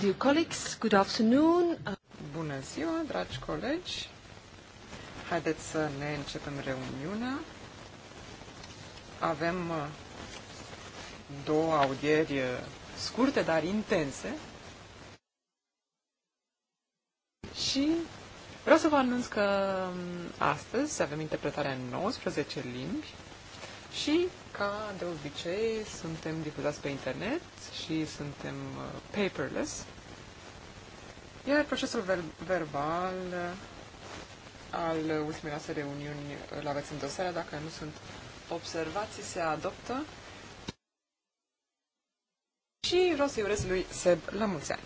Dear colleagues, good afternoon. Bună ziua, dragi colegi. Haideți să ne începem reuniunea. Avem uh, două audieri uh, scurte, dar intense. Și vreau să vă anunț că um, astăzi avem interpretarea în 19 limbi și ca de obicei, suntem difuzați pe internet și suntem uh, paperless. Iar procesul ver- verbal al ultimei noastre reuniuni îl aveți în dosare. Dacă nu sunt observații, se adoptă. Și vreau să-i urez lui Seb la mulți ani.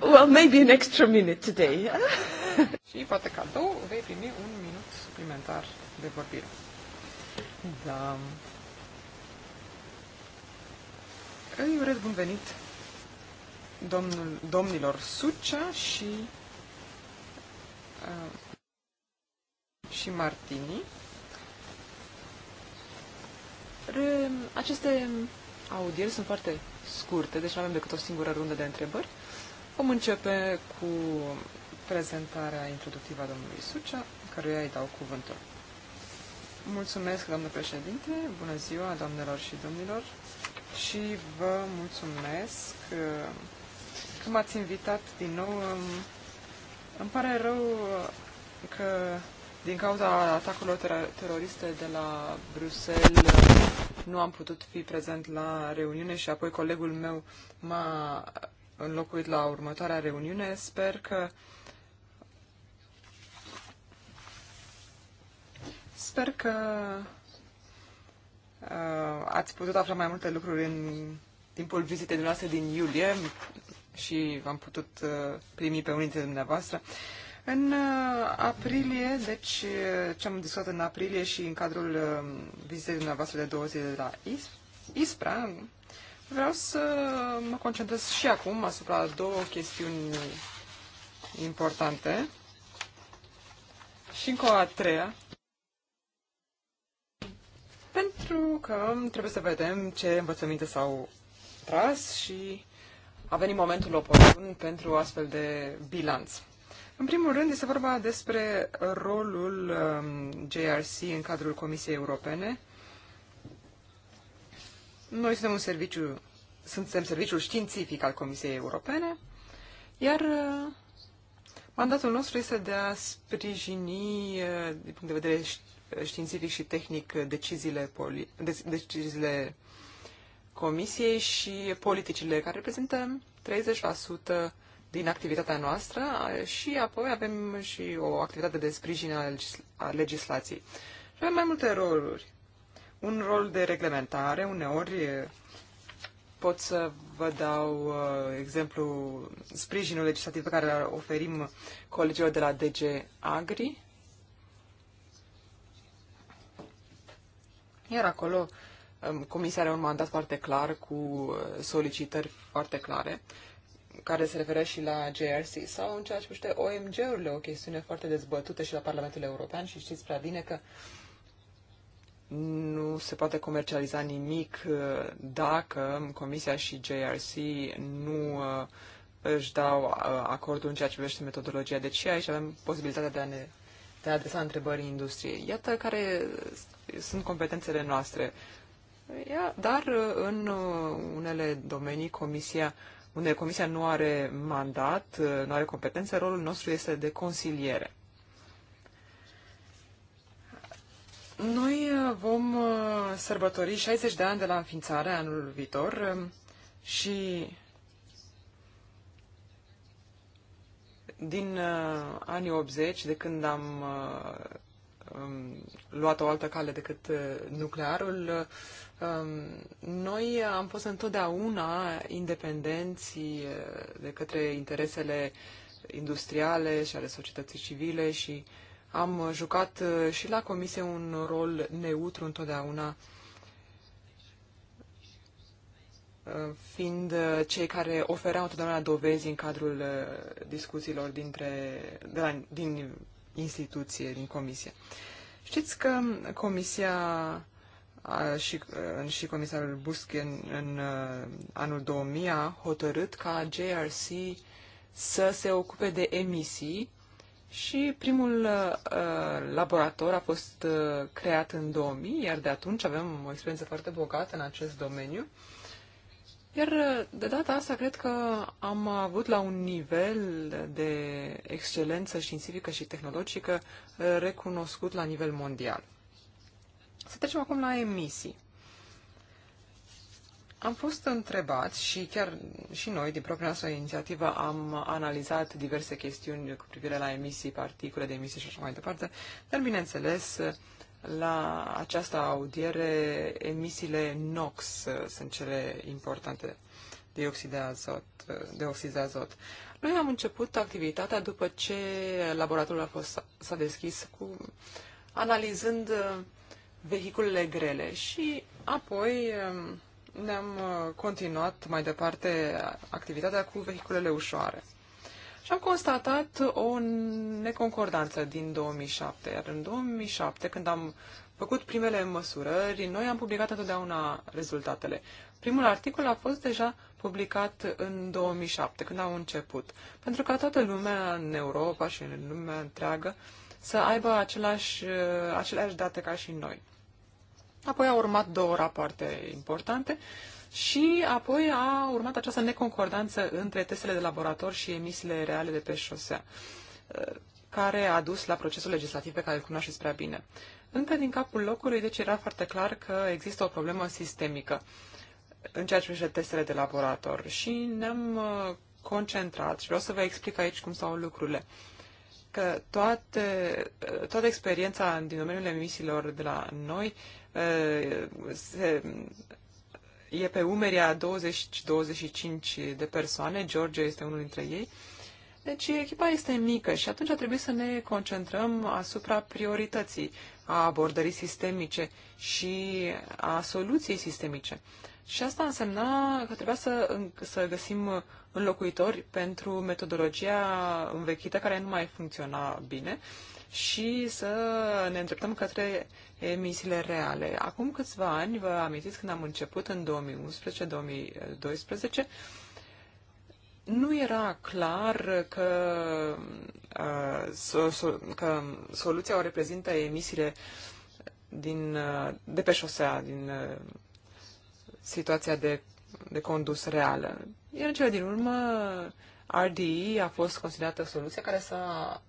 Well, maybe an extra minute today. și poate cadou vei primi un minut suplimentar de vorbire. Da. Îi urez bun venit domnul, domnilor Sucea și, uh, și Martini. aceste audieri sunt foarte scurte, deci nu avem decât o singură rundă de întrebări. Vom începe cu prezentarea introductivă a domnului Sucea, căruia îi dau cuvântul. Mulțumesc, doamnă președinte, bună ziua, doamnelor și domnilor, și vă mulțumesc uh, că m-ați invitat din nou. Îmi pare rău uh, că din cauza atacurilor ter- teroriste de la Bruxelles uh, nu am putut fi prezent la reuniune și apoi colegul meu m-a înlocuit la următoarea reuniune. Sper că Sper că uh, ați putut afla mai multe lucruri în timpul vizitei dumneavoastră din iulie și v-am putut uh, primi pe unii dintre dumneavoastră. În uh, aprilie, deci uh, ce am discutat în aprilie și în cadrul vizitei dumneavoastră de două zile de la ISPRA, vreau să mă concentrez și acum asupra două chestiuni importante și încă o a treia. Pentru că trebuie să vedem ce învățăminte s-au tras și a venit momentul oportun pentru astfel de bilanț. În primul rând, este vorba despre rolul um, JRC în cadrul Comisiei Europene. Noi suntem un serviciu, suntem serviciul științific al Comisiei Europene, iar uh, mandatul nostru este de a sprijini, uh, din punct de vedere științific și tehnic, deciziile, poli, deci deciziile Comisiei și politicile, care reprezintă 30% din activitatea noastră și apoi avem și o activitate de sprijin a, legisla- a legislației. Și avem mai multe roluri. Un rol de reglementare, uneori pot să vă dau uh, exemplu sprijinul legislativ pe care îl oferim colegilor de la DG Agri. Iar acolo Comisia are un mandat foarte clar cu uh, solicitări foarte clare care se referă și la JRC sau în ceea ce puște OMG-urile, o chestiune foarte dezbătută și la Parlamentul European și știți prea bine că nu se poate comercializa nimic uh, dacă Comisia și JRC nu uh, își dau acordul în ceea ce privește metodologia. Deci și aici avem posibilitatea de a ne de a adresa întrebării industriei. Iată care sunt competențele noastre. Dar uh, în uh, unele domenii comisia, unde comisia nu are mandat, uh, nu are competențe, rolul nostru este de consiliere. Noi vom sărbători 60 de ani de la înființare anul viitor um, și din anii 80, de când am luat o altă cale decât uh, nuclearul, um, noi am fost întotdeauna independenți uh, de către interesele industriale și ale societății civile și am jucat uh, și la comisie un rol neutru întotdeauna, fiind cei care ofereau întotdeauna dovezi în cadrul discuțiilor dintre, de la, din instituție, din comisie. Știți că comisia și, și comisarul Busche în, în uh, anul 2000 a hotărât ca JRC să se ocupe de emisii și primul uh, laborator a fost uh, creat în 2000, iar de atunci avem o experiență foarte bogată în acest domeniu. Uh, iar de data asta cred că am avut la un nivel de excelență științifică și tehnologică recunoscut la nivel mondial. Să trecem acum la emisii. Am fost întrebat și chiar și noi, din propria noastră inițiativă, am analizat diverse chestiuni cu privire la emisii, particule de emisii și așa mai departe, dar bineînțeles la această audiere, emisiile NOx uh, sunt cele importante, oxid de azot. Uh, oxid de azot. Noi am început activitatea după ce laboratorul a fost, s-a deschis cu analizând uh, vehiculele grele și apoi um, ne-am continuat mai departe activitatea cu vehiculele ușoare și am constatat o neconcordanță din 2007. Iar în 2007, când am făcut primele măsurări, noi am publicat întotdeauna rezultatele. Primul articol a fost deja publicat în 2007, când au început, pentru ca toată lumea în Europa și în lumea întreagă să aibă același, aceleași date ca și noi. Apoi au urmat două rapoarte importante și apoi a urmat această neconcordanță între testele de laborator și emisiile reale de pe șosea, eh, care a dus la procesul legislativ pe care îl cunoașteți prea bine. Încă din capul locului, deci era foarte clar că există o problemă sistemică în ceea ce privește testele de laborator și ne-am eh, concentrat și vreau să vă explic aici cum stau lucrurile că toate, eh, toată experiența din domeniul emisiilor de la noi se e pe umerii a 20-25 de persoane, George este unul dintre ei. Deci echipa este mică și atunci trebuie să ne concentrăm asupra priorității, a abordării sistemice și a soluției sistemice. Și asta însemna că trebuia să, să găsim înlocuitori pentru metodologia învechită care nu mai funcționa bine și să ne îndreptăm către emisiile reale. Acum câțiva ani, vă amintiți când am început în 2011-2012, nu era clar că, uh, că soluția o reprezintă emisiile din, uh, de pe șosea, din uh, situația de, de condus reală. Iar în cele din urmă, RDI a fost considerată soluția care s-a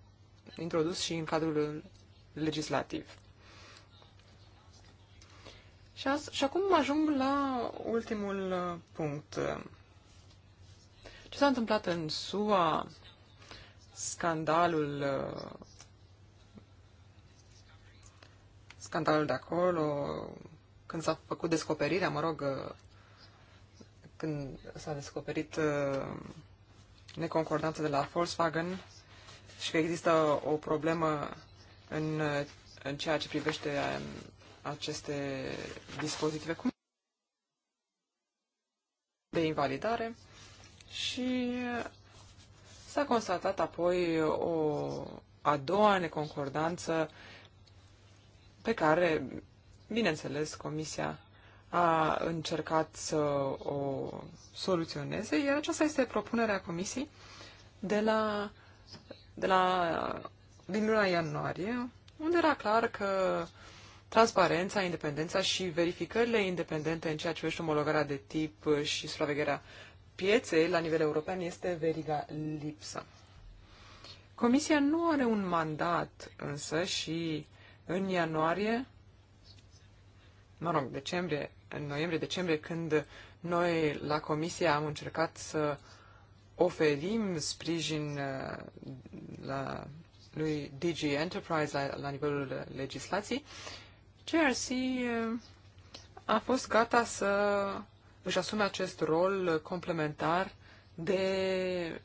introdus și în cadrul legislativ. Și, as, și acum ajung la ultimul uh, punct. Ce s-a întâmplat în SUA, scandalul uh, scandalul de acolo, când s-a făcut descoperirea, mă rog, uh, când s-a descoperit uh, neconcordanța de la Volkswagen și că există o problemă în, uh, în ceea ce privește um, aceste dispozitive cum de invalidare și s-a constatat apoi o a doua neconcordanță pe care Bineînțeles, Comisia a încercat să o soluționeze, iar aceasta este propunerea Comisiei de la, de la, din luna ianuarie, unde era clar că transparența, independența și verificările independente în ceea ce privește omologarea de tip și supravegherea pieței la nivel european este veriga lipsă. Comisia nu are un mandat însă și în ianuarie mă rog, decembrie, în noiembrie-decembrie, când noi la comisie am încercat să oferim sprijin uh, la, lui DG Enterprise la, la nivelul legislației, GRC uh, a fost gata să își asume acest rol complementar de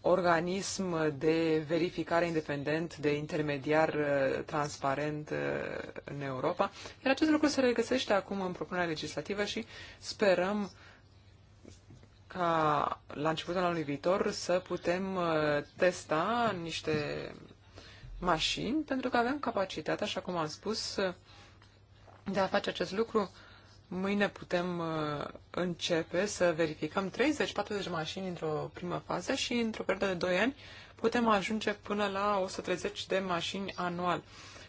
organism de verificare independent, de intermediar uh, transparent uh, în Europa. Iar acest lucru se regăsește acum în propunerea legislativă și sperăm ca la începutul anului viitor să putem uh, testa niște mașini, pentru că avem capacitatea, așa cum am spus, de a face acest lucru Mâine putem uh, începe să verificăm 30-40 mașini într-o primă fază și într-o perioadă de 2 ani putem ajunge până la 130 de mașini anual.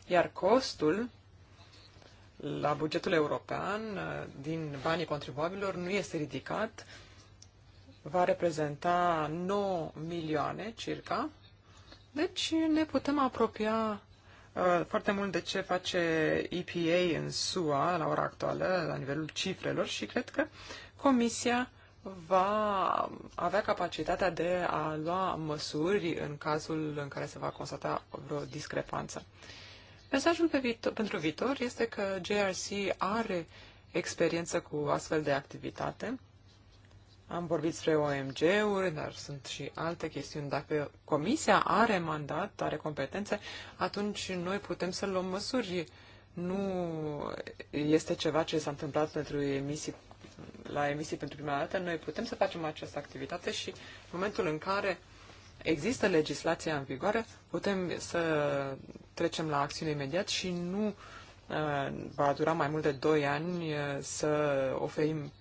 Iar costul la bugetul european uh, din banii contribuabilor nu este ridicat, va reprezenta 9 milioane circa, deci ne putem apropia Uh, foarte mult de ce face EPA în SUA la ora actuală, la nivelul cifrelor și cred că Comisia va avea capacitatea de a lua măsuri în cazul în care se va constata vreo discrepanță. Mesajul pe viitor, pentru viitor este că JRC are experiență cu astfel de activitate am vorbit despre OMG-uri, dar sunt și alte chestiuni. Dacă comisia are mandat, are competențe, atunci noi putem să luăm măsuri. Nu este ceva ce s-a întâmplat pentru emisii, la emisii pentru prima dată. Noi putem să facem această activitate și în momentul în care există legislația în vigoare, putem să trecem la acțiune imediat și nu uh, va dura mai mult de 2 ani uh, să oferim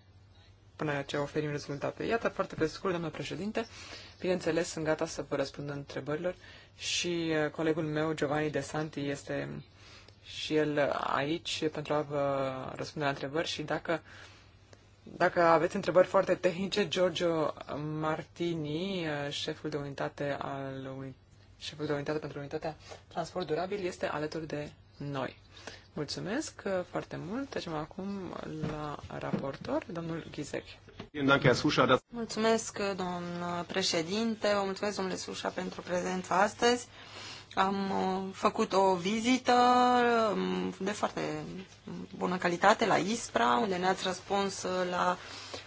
până ce oferim rezultate. Iată, foarte pe scurt, doamnă președinte, bineînțeles, sunt gata să vă răspund întrebărilor și uh, colegul meu, Giovanni De Santi, este și el aici pentru a vă răspunde la întrebări și dacă dacă aveți întrebări foarte tehnice, Giorgio Martini, uh, șeful de unitate al șeful de unitate pentru unitatea transport durabil, este alături de noi. Mulțumesc uh, foarte mult. Trecem acum la raportor, domnul Ghizec. Mulțumesc, domn președinte, o mulțumesc, domnule Sușa, pentru prezența astăzi. Am uh, făcut o vizită um, de foarte bună calitate la ISPRA, unde ne-ați răspuns uh, la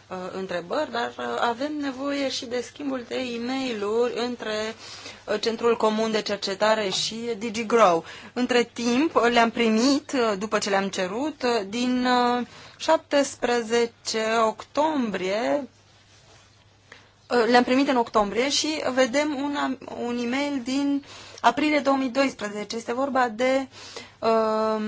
uh, întrebări, dar avem nevoie și de schimbul de e mail între Centrul Comun de Cercetare și DigiGrow. Între timp le-am primit, după ce le-am cerut, din 17 octombrie le-am primit în octombrie și vedem un, un e-mail din uh, aprilie 2012. Este vorba de uh,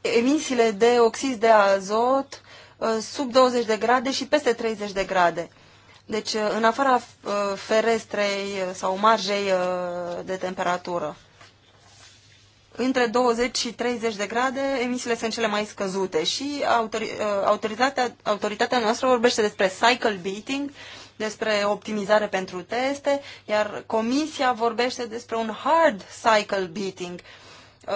emisiile de oxid de azot uh, sub 20 de grade și peste 30 de grade. Deci uh, în afara uh, ferestrei uh, sau marjei uh, de temperatură. Între 20 și 30 de grade emisiile sunt cele mai scăzute și autori, uh, autoritatea, autoritatea noastră vorbește despre cycle beating, despre optimizare pentru teste, iar comisia vorbește despre un hard cycle beating.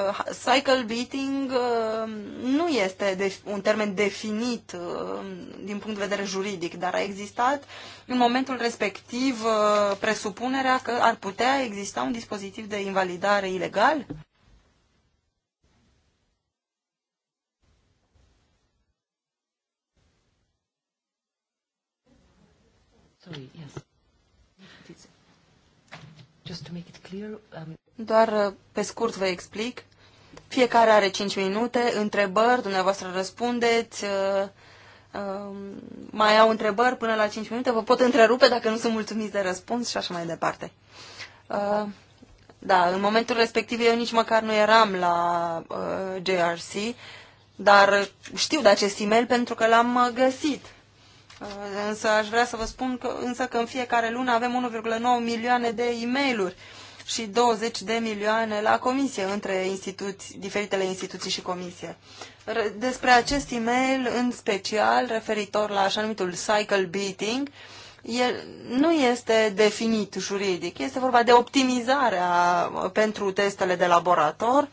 Uh, cycle beating uh, nu este un termen definit uh, din punct de vedere juridic, dar a existat în momentul respectiv presupunerea că ar putea exista un dispozitiv de invalidare ilegal? Sorry, yes. Just to make it clear, um... Doar uh, pe scurt vă explic. Fiecare are 5 minute, întrebări, dumneavoastră răspundeți, uh, uh, mai au întrebări până la 5 minute, vă pot întrerupe dacă nu sunt mulțumiți de răspuns și așa mai departe. Uh, da, în momentul respectiv eu nici măcar nu eram la uh, JRC, dar știu de acest e-mail pentru că l-am uh, găsit. Uh, însă aș vrea să vă spun că, însă că în fiecare lună avem 1,9 milioane de e mail și 20 de milioane la comisie între instituții, diferitele instituții și comisie. Despre acest e-mail în special referitor la așa numitul cycle beating, el nu este definit juridic. Este vorba de optimizarea uh, pentru testele de laborator, uh,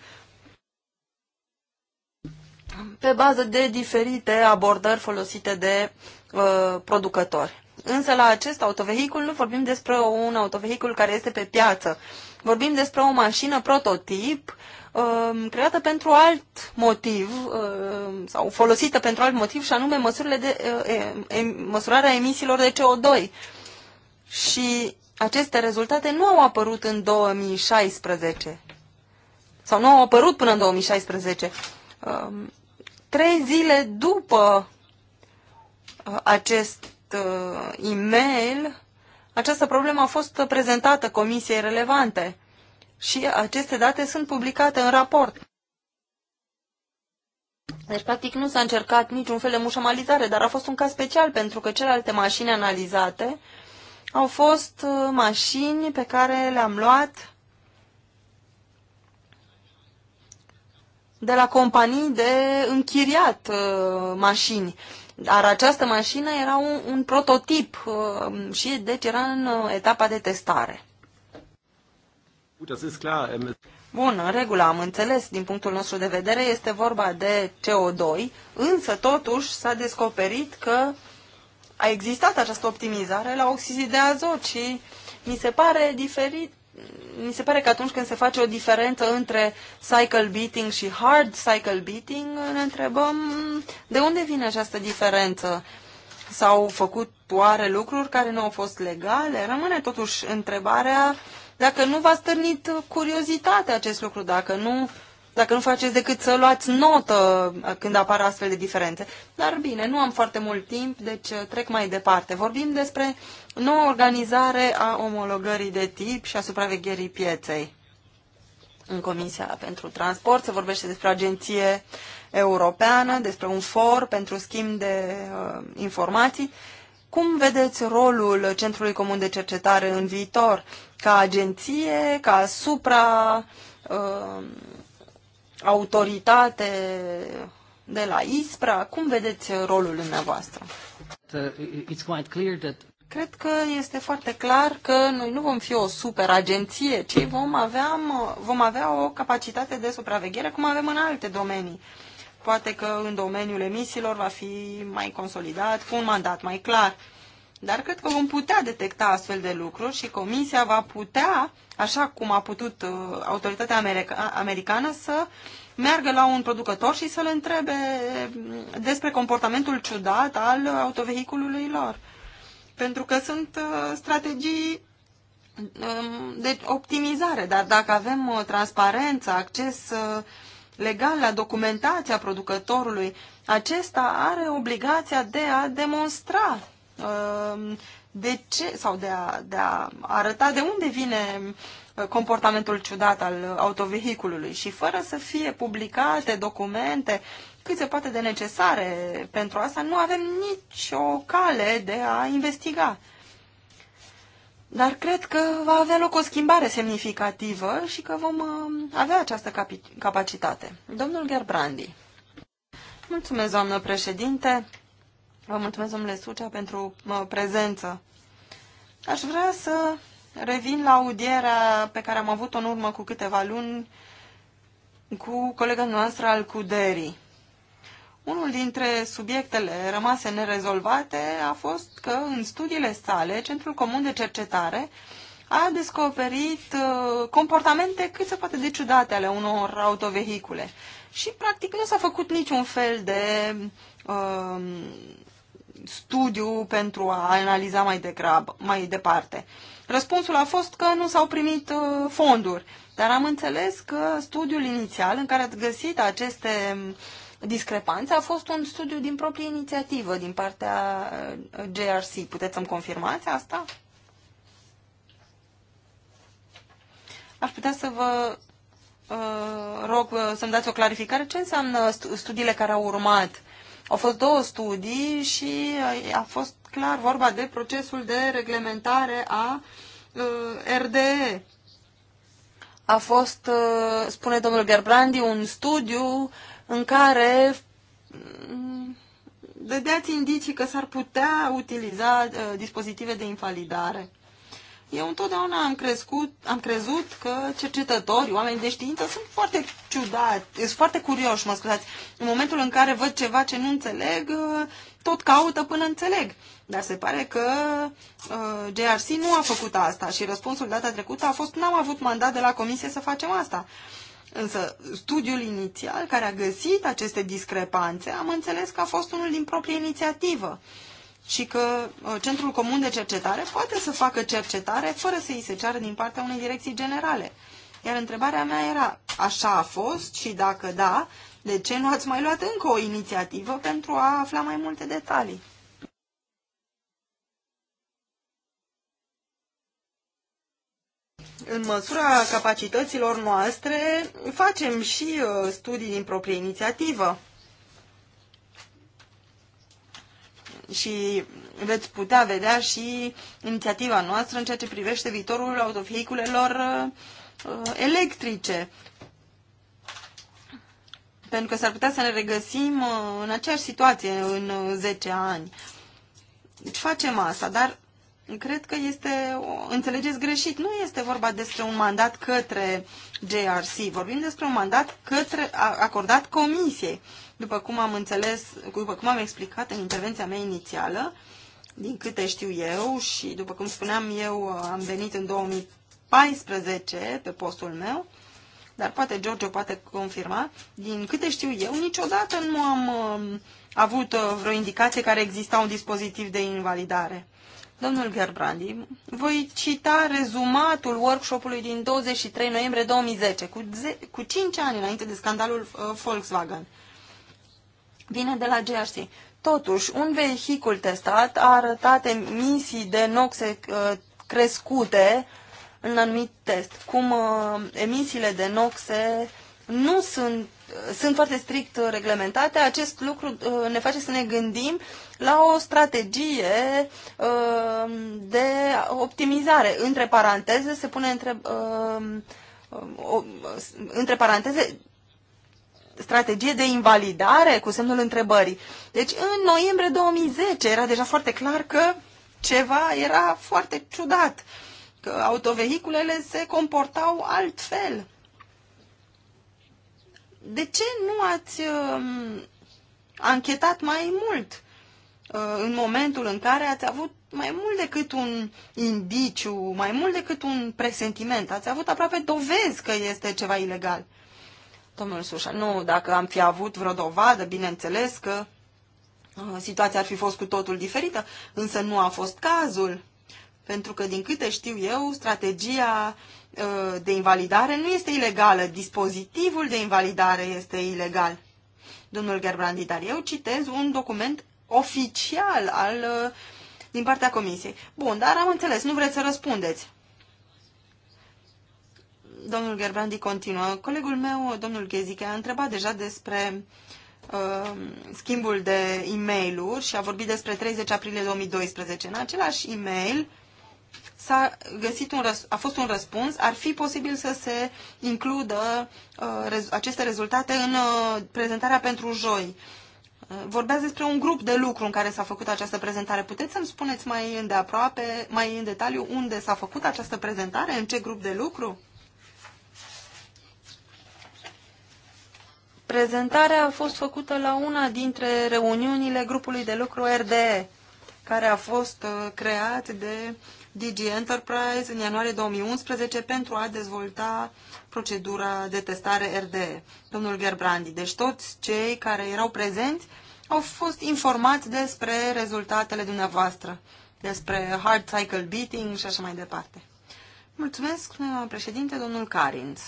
pe bază de diferite abordări folosite de uh, producători. Însă la acest autovehicul nu vorbim despre un autovehicul care este pe piață. Vorbim despre o mașină prototip uh, creată pentru alt motiv uh, sau folosită pentru alt motiv și anume măsurile de, uh, em, măsurarea emisiilor de CO2. Și aceste rezultate nu au apărut în 2016 sau nu au apărut până în 2016 um, trei zile după uh, acest uh, e-mail, această problemă a fost prezentată comisiei relevante și aceste date sunt publicate în raport. Deci, practic, nu s-a încercat niciun fel de mușamalizare, dar a fost un caz special pentru că celelalte mașini analizate au fost uh, mașini pe care le-am luat de la companii de închiriat uh, mașini. Dar această mașină era un, un prototip uh, și deci era în uh, etapa de testare. Ähm, Bun, în regulă, am înțeles, din punctul nostru de vedere, este vorba de CO2, însă totuși s-a descoperit că a existat această optimizare la oxizii de azot și mi se pare diferit, mi se pare că atunci când se face o diferență între cycle beating și hard cycle beating, ne întrebăm de unde vine această diferență. S-au făcut oare lucruri care nu au fost legale? Rămâne totuși întrebarea dacă nu v-a stârnit curiozitatea acest lucru, dacă nu dacă nu faceți decât să luați notă uh, când apar astfel de diferențe. Dar bine, nu am foarte mult timp, deci uh, trec mai departe. Vorbim despre noua organizare a omologării de tip și a supravegherii pieței. În Comisia pentru Transport se vorbește despre agenție europeană, despre un for pentru schimb de uh, informații. Cum vedeți rolul Centrului Comun de Cercetare în viitor, ca agenție, ca supra uh, autoritate de la ISPRA. Cum vedeți rolul dumneavoastră? Uh, it's quite clear that... Cred că este foarte clar că noi nu vom fi o super agenție, ci vom avea, vom avea o capacitate de supraveghere cum avem în alte domenii. Poate că în domeniul emisiilor va fi mai consolidat, cu un mandat mai clar dar cred că vom putea detecta astfel de lucruri și Comisia va putea, așa cum a putut uh, autoritatea america, americană, să meargă la un producător și să-l întrebe mm, despre comportamentul ciudat al autovehiculului lor. Pentru că sunt uh, strategii um, de optimizare, dar dacă avem uh, transparență, acces legal la documentația producătorului, acesta are obligația de a demonstra Ehm, de ce sau de a, de a arăta de unde vine uh, comportamentul ciudat al autovehiculului și fără să fie publicate documente cât se poate de necesare pentru asta, nu avem nicio cale de a investiga. Dar cred că va avea loc o schimbare semnificativă și că vom uh, avea această capacitate. Domnul Gerbrandi. Mulțumesc, doamnă președinte. Vă mulțumesc, domnule Sucea, pentru prezență. Aș vrea să revin la audierea pe care am avut-o în urmă cu câteva luni cu colega noastră al Cuderii. Unul dintre subiectele rămase nerezolvate a fost că în studiile sale, Centrul Comun de Cercetare a descoperit uh, comportamente cât se poate de ciudate ale unor autovehicule. Și, practic, nu s-a făcut niciun fel de uh, studiu pentru a analiza mai, degrabă, mai departe. Răspunsul a fost că nu s-au primit uh, fonduri, dar am înțeles că studiul inițial în care ați găsit aceste um, discrepanțe a fost un studiu din proprie inițiativă din partea uh, JRC. Puteți să-mi confirmați asta? Aș putea să vă uh, rog uh, să-mi dați o clarificare. Ce înseamnă studiile care au urmat? Au fost două studii și uh, a fost clar vorba de procesul de reglementare a uh, RDE. A fost, uh, spune domnul Gerbrandi, un studiu în care mm, dădeați indicii că s-ar putea utiliza dispozitive de invalidare. Eu întotdeauna am, crescut, am crezut că cercetători, oameni de știință, sunt foarte ciudați, sunt foarte curioși, mă scuzați. În momentul în care văd ceva ce nu înțeleg, uh, tot caută până înțeleg. Dar se pare că uh, nu a făcut asta și răspunsul data trecută a fost n-am avut mandat de la comisie să facem asta. Însă studiul inițial care a găsit aceste discrepanțe, am înțeles că a fost unul din proprie inițiativă și că uh, Centrul Comun de Cercetare poate să facă cercetare fără să îi se ceară din partea unei direcții generale. Iar întrebarea mea era, așa a fost și dacă da, de ce nu ați mai luat încă o inițiativă pentru a afla mai multe detalii? În măsura capacităților noastre, facem și uh, studii din proprie inițiativă. și veți putea vedea și inițiativa noastră în ceea ce privește viitorul autovehiculelor uh, electrice. Pentru că s-ar putea să ne regăsim uh, în aceeași situație în 10 uh, ani. Deci facem asta, dar cred că este, înțelegeți greșit, nu este vorba despre un mandat către JRC, vorbim despre un mandat către, acordat comisiei. După cum am înțeles, după cum am explicat în intervenția mea inițială, din câte știu eu și după cum spuneam eu uh, am venit în 2014 pe postul meu, dar poate o poate confirma, din câte știu eu, niciodată nu am uh, avut uh, vreo indicație care exista un dispozitiv de invalidare. Domnul Gerbrandi, voi cita rezumatul workshopului din 23 noiembrie 2010, cu, ze- cu 5 ani înainte de scandalul uh, Volkswagen vine de la Jersey. Totuși, un vehicul testat a arătat emisii de noxe uh, crescute în anumit test, cum uh, emisiile de noxe nu sunt, sunt foarte strict reglementate, acest lucru uh, ne face să ne gândim la o strategie de optimizare. Între paranteze se pune între, între paranteze strategie de invalidare cu semnul întrebării. Deci în noiembrie 2010 era deja foarte clar că ceva era foarte ciudat, că autovehiculele se comportau altfel. De ce nu ați uh, anchetat mai mult uh, în momentul în care ați avut mai mult decât un indiciu, mai mult decât un presentiment, ați avut aproape dovezi că este ceva ilegal? Domnul Sușa, nu, dacă am fi avut vreo dovadă, bineînțeles că uh, situația ar fi fost cu totul diferită, însă nu a fost cazul. Pentru că, din câte știu eu, strategia uh, de invalidare nu este ilegală, dispozitivul de invalidare este ilegal. Domnul Gerbrandi, dar eu citez un document oficial al, uh, din partea Comisiei. Bun, dar am înțeles, nu vreți să răspundeți. Domnul Gerbrandi continuă. Colegul meu, domnul Ghezic, a întrebat deja despre uh, schimbul de e mail și a vorbit despre 30 aprilie 2012. În același e-mail s-a găsit un răs- a fost un răspuns, ar fi posibil să se includă uh, rez- aceste rezultate în uh, prezentarea pentru joi. Uh, vorbeați despre un grup de lucru în care s-a făcut această prezentare. Puteți să-mi spuneți mai îndeaproape, mai în detaliu, unde s-a făcut această prezentare, în ce grup de lucru? Prezentarea a fost făcută la una dintre reuniunile grupului de lucru RDE, care a fost uh, creat de DG Enterprise în ianuarie 2011 pentru a dezvolta procedura de testare RDE, domnul Gerbrandi. Deci toți cei care erau prezenți au fost informați despre rezultatele dumneavoastră, despre hard cycle beating și așa mai departe. Mulțumesc, președinte, domnul Carinț.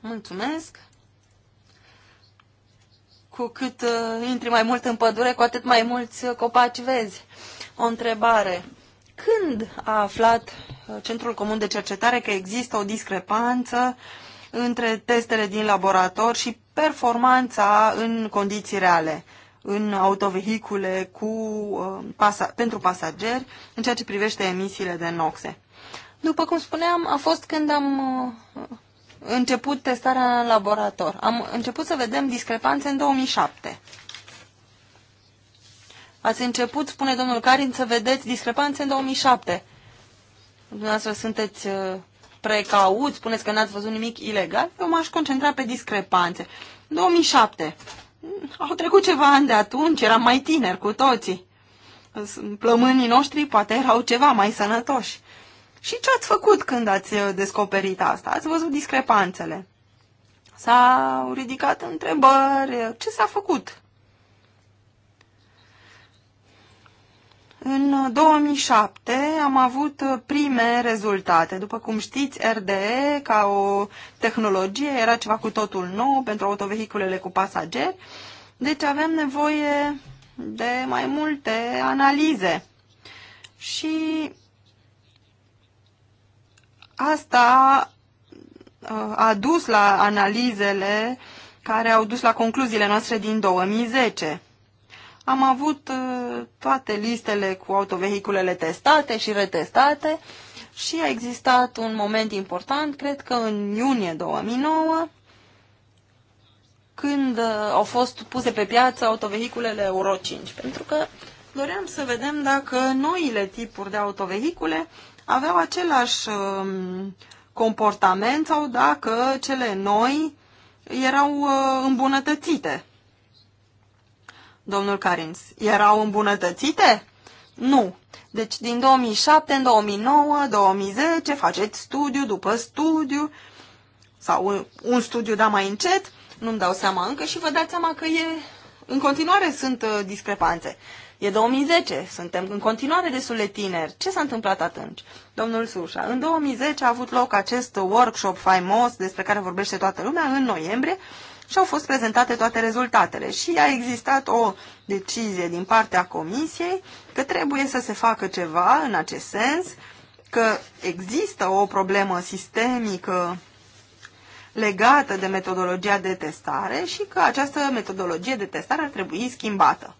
Mulțumesc cu cât uh, intri mai mult în pădure, cu atât mai mulți uh, copaci vezi. O întrebare. Când a aflat uh, Centrul Comun de Cercetare că există o discrepanță între testele din laborator și performanța în condiții reale, în autovehicule cu, uh, pasa, pentru pasageri, în ceea ce privește emisiile de noxe? După cum spuneam, a fost când am început testarea în laborator. Am început să vedem discrepanțe în 2007. Ați început, spune domnul Carin, să vedeți discrepanțe în 2007. Dumneavoastră sunteți uh, precauți, spuneți că n-ați văzut nimic ilegal. Eu m-aș concentra pe discrepanțe. 2007. Mm, au trecut ceva ani de atunci, eram mai tineri cu toții. Plămânii noștri poate erau ceva mai sănătoși. Și ce ați făcut când ați uh, descoperit asta? Ați văzut discrepanțele? S-au ridicat întrebări. Ce s-a făcut? În 2007 uh, am avut uh, prime rezultate. După cum știți, RDE ca o tehnologie era ceva cu totul nou pentru autovehiculele cu pasageri, deci avem nevoie de mai multe analize. Și asta uh, a dus la analizele care au dus la concluziile noastre din 2010. Am avut uh, toate listele cu autovehiculele testate și retestate și a existat un moment important, cred că în iunie 2009, când uh, au fost puse pe piață autovehiculele Euro 5, pentru că doream să vedem dacă noile tipuri de autovehicule aveau același um, comportament sau dacă cele noi erau uh, îmbunătățite. Domnul Carins, erau îmbunătățite? Nu. Deci din 2007, în 2009, 2010 faceți studiu după studiu sau un studiu, da, mai încet, nu-mi dau seama încă și vă dați seama că e, în continuare sunt uh, discrepanțe. E 2010, suntem în continuare destul de tineri. Ce s-a întâmplat atunci? Domnul Sușa, în 2010 a avut loc acest workshop faimos despre care vorbește toată lumea în noiembrie și au fost prezentate toate rezultatele și a existat o decizie din partea comisiei că trebuie să se facă ceva în acest sens, că există o problemă sistemică legată de metodologia de testare și că această metodologie de testare ar trebui schimbată.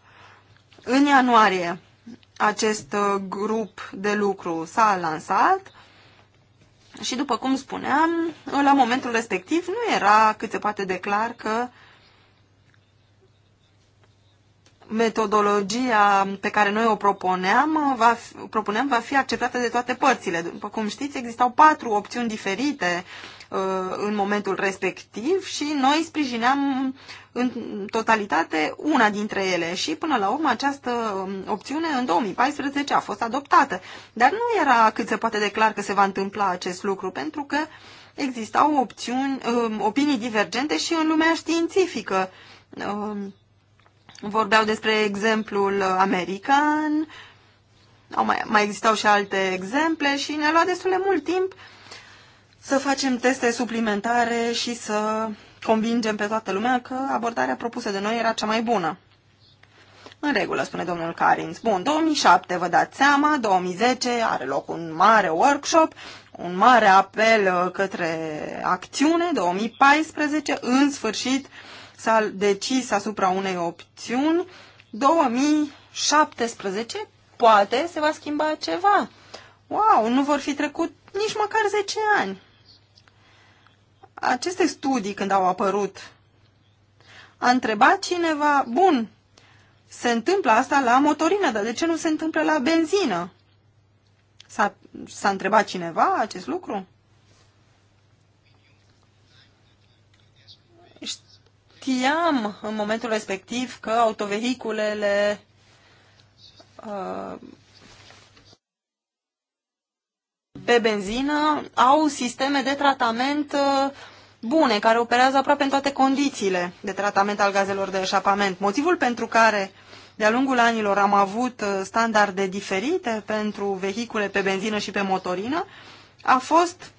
În ianuarie acest uh, grup de lucru s-a lansat și, după cum spuneam, la momentul respectiv nu era cât se poate de clar că metodologia pe care noi o propuneam uh, va, fi, propuneam va fi acceptată de toate părțile. După cum știți, existau patru opțiuni diferite Uh, în momentul respectiv și noi sprijineam în totalitate una dintre ele și până la urmă această um, opțiune în 2014 a fost adoptată. Dar nu era cât se poate de clar că se va întâmpla acest lucru pentru că existau opțiuni, um, opinii divergente și în lumea științifică. Um, vorbeau despre exemplul american, mai, mai existau și alte exemple și ne-a luat destul de mult timp uh, să facem teste suplimentare și să convingem pe toată lumea că abordarea propusă de noi era cea mai bună. În regulă, spune domnul Carins. Bun, 2007, vă dați seama, 2010 are loc un mare workshop, un mare apel uh, către acțiune, 2014, în sfârșit s-a decis asupra unei opțiuni, 2017 poate se va schimba ceva. Wow, nu vor fi trecut nici măcar 10 ani aceste studii, când au apărut, a întrebat cineva, bun, se întâmplă asta la motorină, dar de ce nu se întâmplă la benzină? S-a, întrebat cineva acest lucru? Știam în momentul respectiv că autovehiculele uh, pe benzină au sisteme de tratament uh, bune, care operează aproape în toate condițiile de tratament al gazelor de eșapament. Motivul pentru care de-a lungul anilor am avut uh, standarde diferite pentru vehicule pe benzină și pe motorină a fost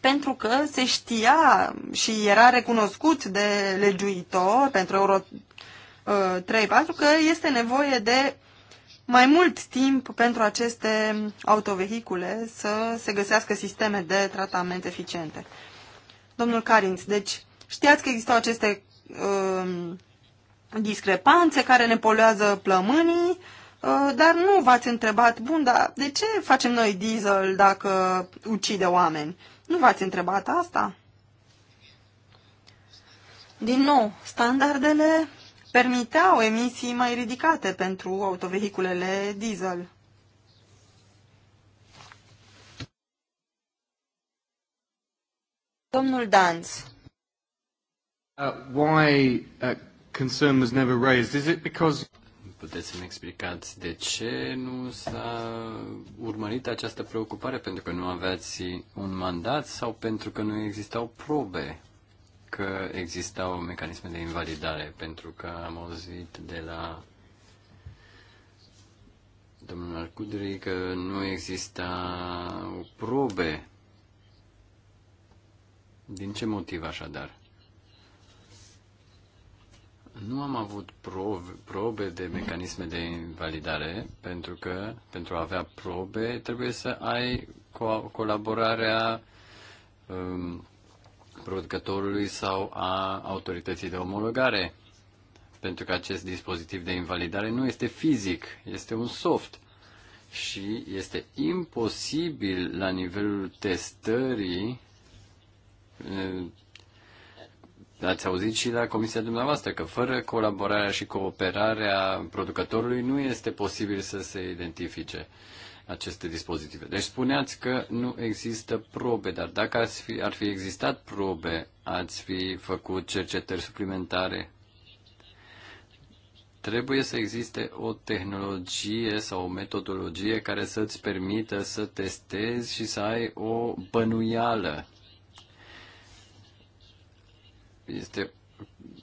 pentru că se știa și era recunoscut de legiuitor pentru Euro 3-4 uh, că este nevoie de mai mult timp pentru aceste autovehicule să se găsească sisteme de tratament eficiente. Domnul Carinț, deci știați că existau aceste uh, discrepanțe care ne poluează plămânii, uh, dar nu v-ați întrebat, bun, dar de ce facem noi diesel dacă ucide oameni? Nu v-ați întrebat asta? Din nou, standardele permiteau emisii mai ridicate pentru autovehiculele diesel. Domnul Danz. Uh, why uh, concern was never raised? Is it because puteți să-mi explicați de ce nu s-a urmărit această preocupare? Pentru că nu aveați un mandat sau pentru că nu existau probe? că existau mecanisme de invalidare, pentru că am auzit de la domnul Alcudri că nu exista probe. Din ce motiv așadar? Nu am avut probe, probe de mecanisme de invalidare, pentru că pentru a avea probe trebuie să ai co- colaborarea um, producătorului sau a autorității de omologare, pentru că acest dispozitiv de invalidare nu este fizic, este un soft și este imposibil la nivelul testării eh, ați auzit și la comisia dumneavoastră că fără colaborarea și cooperarea producătorului nu este posibil să se identifice aceste dispozitive. Deci spuneați că nu există probe, dar dacă ar fi, ar fi existat probe, ați fi făcut cercetări suplimentare? Trebuie să existe o tehnologie sau o metodologie care să-ți permită să testezi și să ai o bănuială. Este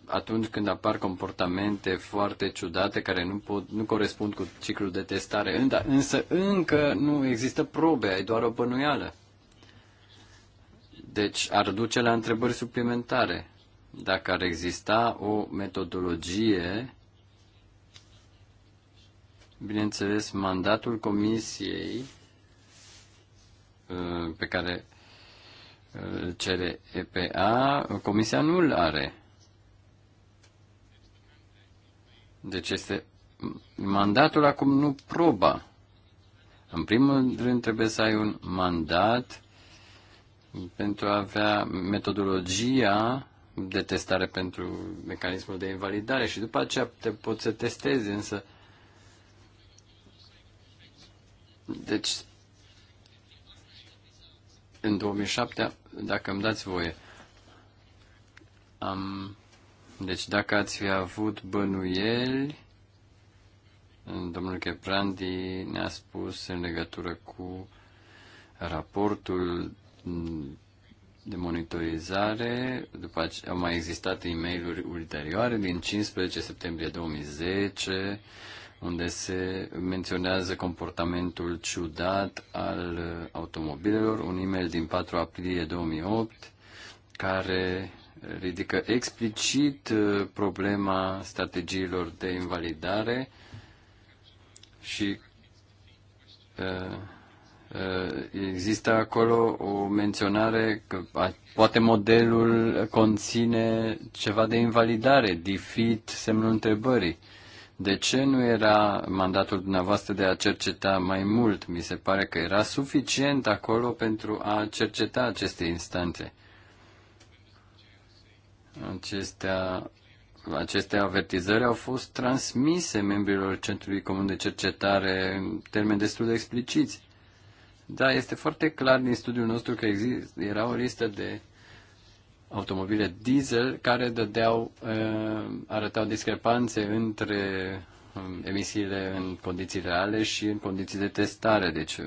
atunci când apar comportamente foarte ciudate care nu, pot, nu corespund cu ciclul de testare, însă încă nu există probe, ai doar o bănuială. Deci ar duce la întrebări suplimentare. Dacă ar exista o metodologie, bineînțeles, mandatul comisiei uh, pe care uh, îl cere EPA, comisia nu îl are Deci este mandatul acum, nu proba. În primul rând trebuie să ai un mandat pentru a avea metodologia de testare pentru mecanismul de invalidare și după aceea te poți să testezi, însă deci în 2007, dacă îmi dați voie, am deci dacă ați fi avut bănuieli, domnul Keprandi ne-a spus în legătură cu raportul de monitorizare, după aceea au mai existat e mail ulterioare din 15 septembrie 2010, unde se menționează comportamentul ciudat al automobilelor, un e-mail din 4 aprilie 2008, care ridică explicit uh, problema strategiilor de invalidare și uh, uh, există acolo o menționare că poate modelul conține ceva de invalidare, defeat, semnul întrebării. De ce nu era mandatul dumneavoastră de a cerceta mai mult? Mi se pare că era suficient acolo pentru a cerceta aceste instanțe. Acestea, aceste avertizări au fost transmise membrilor Centrului Comun de Cercetare în termeni destul de expliciți. Da, este foarte clar din studiul nostru că exist, era o listă de automobile diesel care dădeau, uh, arătau discrepanțe între um, emisiile în condiții reale și în condiții de testare. Deci uh,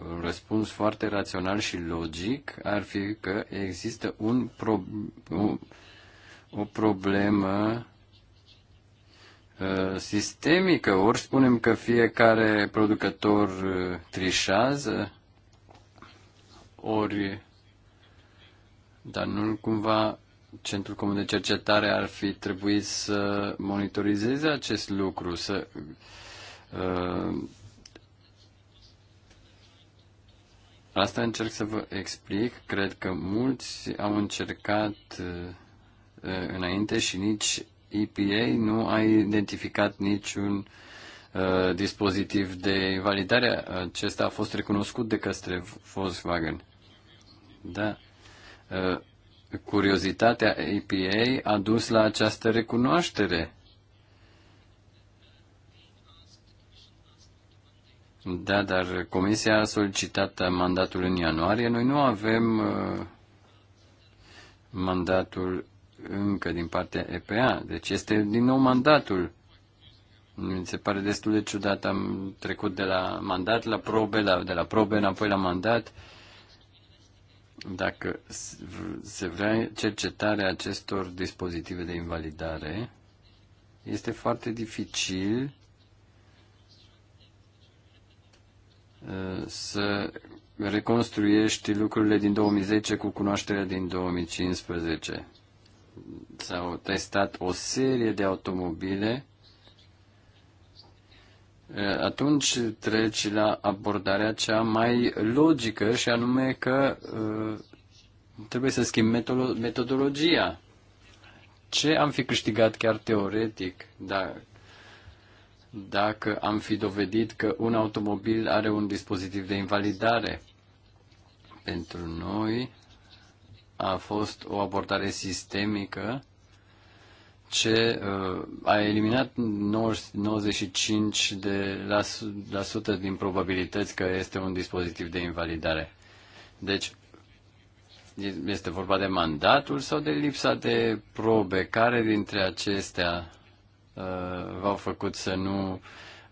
un răspuns foarte rațional și logic ar fi că există un pro, o, o problemă uh, sistemică, ori spunem că fiecare producător uh, trișează, ori, dar nu cumva Centrul Comun de Cercetare ar fi trebuit să monitorizeze acest lucru, să uh, Asta încerc să vă explic. Cred că mulți au încercat uh, înainte și nici EPA nu a identificat niciun uh, dispozitiv de validare. Acesta a fost recunoscut de către Volkswagen. Da. Uh, curiozitatea EPA a dus la această recunoaștere Da, dar Comisia a solicitat mandatul în ianuarie. Noi nu avem uh, mandatul încă din partea EPA. Deci este din nou mandatul. Mi se pare destul de ciudat. Am trecut de la mandat la probe, la, de la probe înapoi la mandat. Dacă se vrea cercetarea acestor dispozitive de invalidare, este foarte dificil să reconstruiești lucrurile din 2010 cu cunoașterea din 2015. S-au testat o serie de automobile. Atunci treci la abordarea cea mai logică și anume că uh, trebuie să schimbi metodologia. Ce am fi câștigat chiar teoretic dacă dacă am fi dovedit că un automobil are un dispozitiv de invalidare. Pentru noi a fost o abordare sistemică ce uh, a eliminat 95% de la, la sută din probabilități că este un dispozitiv de invalidare. Deci, este vorba de mandatul sau de lipsa de probe? Care dintre acestea Uh, v-au făcut să nu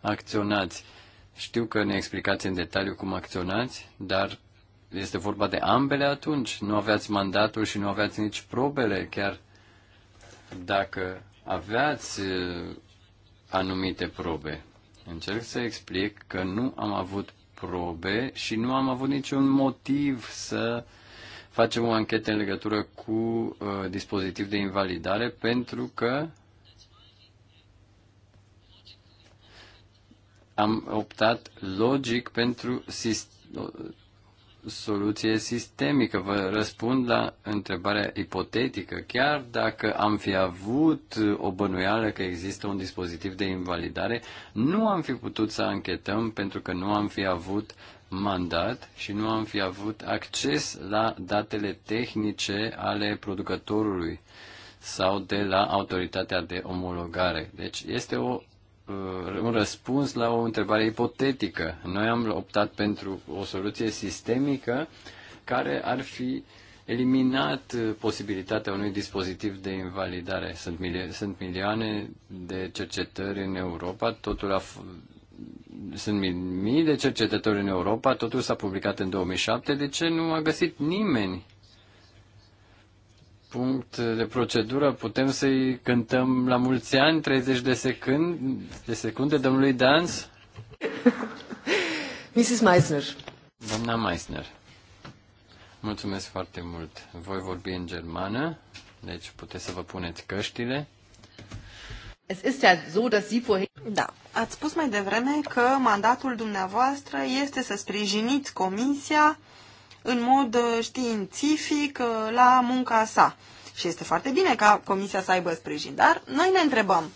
acționați. Știu că ne explicați în detaliu cum acționați, dar este vorba de ambele atunci. Nu aveați mandatul și nu aveați nici probele, chiar dacă aveați uh, anumite probe. Încerc să explic că nu am avut probe și nu am avut niciun motiv să facem o anchetă în legătură cu uh, dispozitiv de invalidare pentru că am optat logic pentru sist- soluție sistemică. Vă răspund la întrebarea ipotetică. Chiar dacă am fi avut o bănuială că există un dispozitiv de invalidare, nu am fi putut să anchetăm pentru că nu am fi avut mandat și nu am fi avut acces la datele tehnice ale producătorului sau de la autoritatea de omologare. Deci este o Uh, un răspuns la o întrebare ipotetică. Noi am optat pentru o soluție sistemică care ar fi eliminat uh, posibilitatea unui dispozitiv de invalidare. Sunt, milio- sunt milioane de cercetări în Europa, totul a sunt mii de cercetători în Europa, totul s-a publicat în 2007, de ce nu a găsit nimeni punct de procedură, putem să-i cântăm la mulți ani, 30 de secunde, de secunde domnului Dans? Mrs. Meissner. Doamna Meissner. Mulțumesc foarte mult. Voi vorbi în germană, deci puteți să vă puneți căștile. Es ist ja so, dass Sie vorhin... Da. Ați spus mai devreme că mandatul dumneavoastră este să sprijiniți Comisia în mod uh, științific uh, la munca sa. Și este foarte bine ca comisia să aibă sprijin, dar noi ne întrebăm,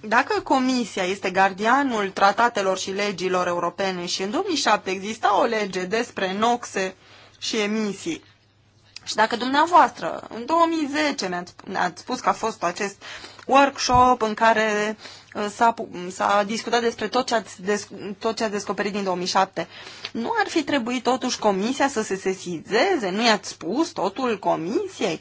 dacă comisia este gardianul tratatelor și legilor europene și în 2007 exista o lege despre noxe și emisii, și dacă dumneavoastră în 2010 ne-ați spus că a fost acest workshop în care s-a, discutat despre tot ce, ați tot ce ați descoperit din 2007. Nu ar fi trebuit totuși comisia să se sesizeze? Nu i-ați spus totul comisiei?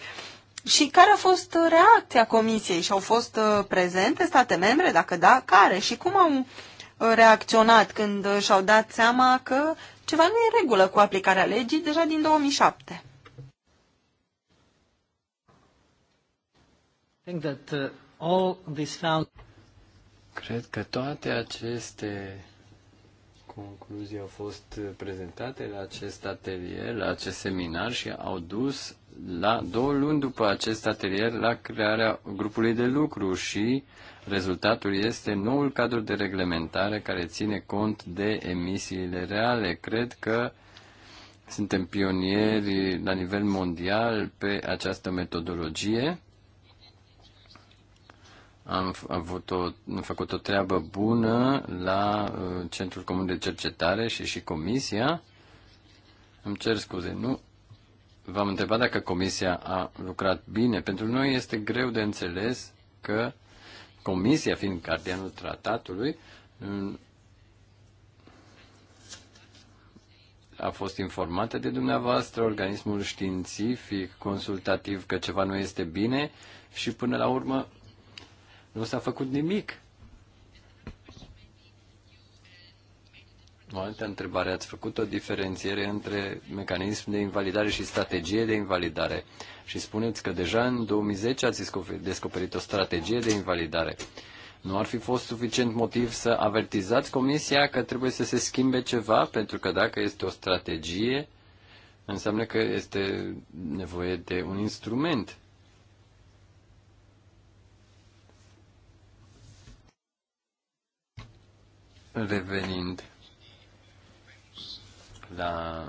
Și care a fost uh, reacția comisiei? Și au fost uh, prezente state membre? Dacă da, care? Și cum au uh, reacționat când și-au dat seama că ceva nu e în regulă cu aplicarea legii deja din 2007? Think that, uh, all this found... Cred că toate aceste concluzii au fost prezentate la acest atelier, la acest seminar și au dus la două luni după acest atelier la crearea grupului de lucru și rezultatul este noul cadru de reglementare care ține cont de emisiile reale. Cred că suntem pionieri la nivel mondial pe această metodologie am, avut o, am făcut o treabă bună la uh, Centrul Comun de Cercetare și și Comisia. Îmi cer scuze, nu v-am întrebat dacă Comisia a lucrat bine. Pentru noi este greu de înțeles că Comisia, fiind gardianul tratatului, a fost informată de dumneavoastră, organismul științific, consultativ, că ceva nu este bine și până la urmă nu s-a făcut nimic. O altă întrebare. Ați făcut o diferențiere între mecanism de invalidare și strategie de invalidare. Și spuneți că deja în 2010 ați descoperit o strategie de invalidare. Nu ar fi fost suficient motiv să avertizați Comisia că trebuie să se schimbe ceva, pentru că dacă este o strategie, înseamnă că este nevoie de un instrument Revenind la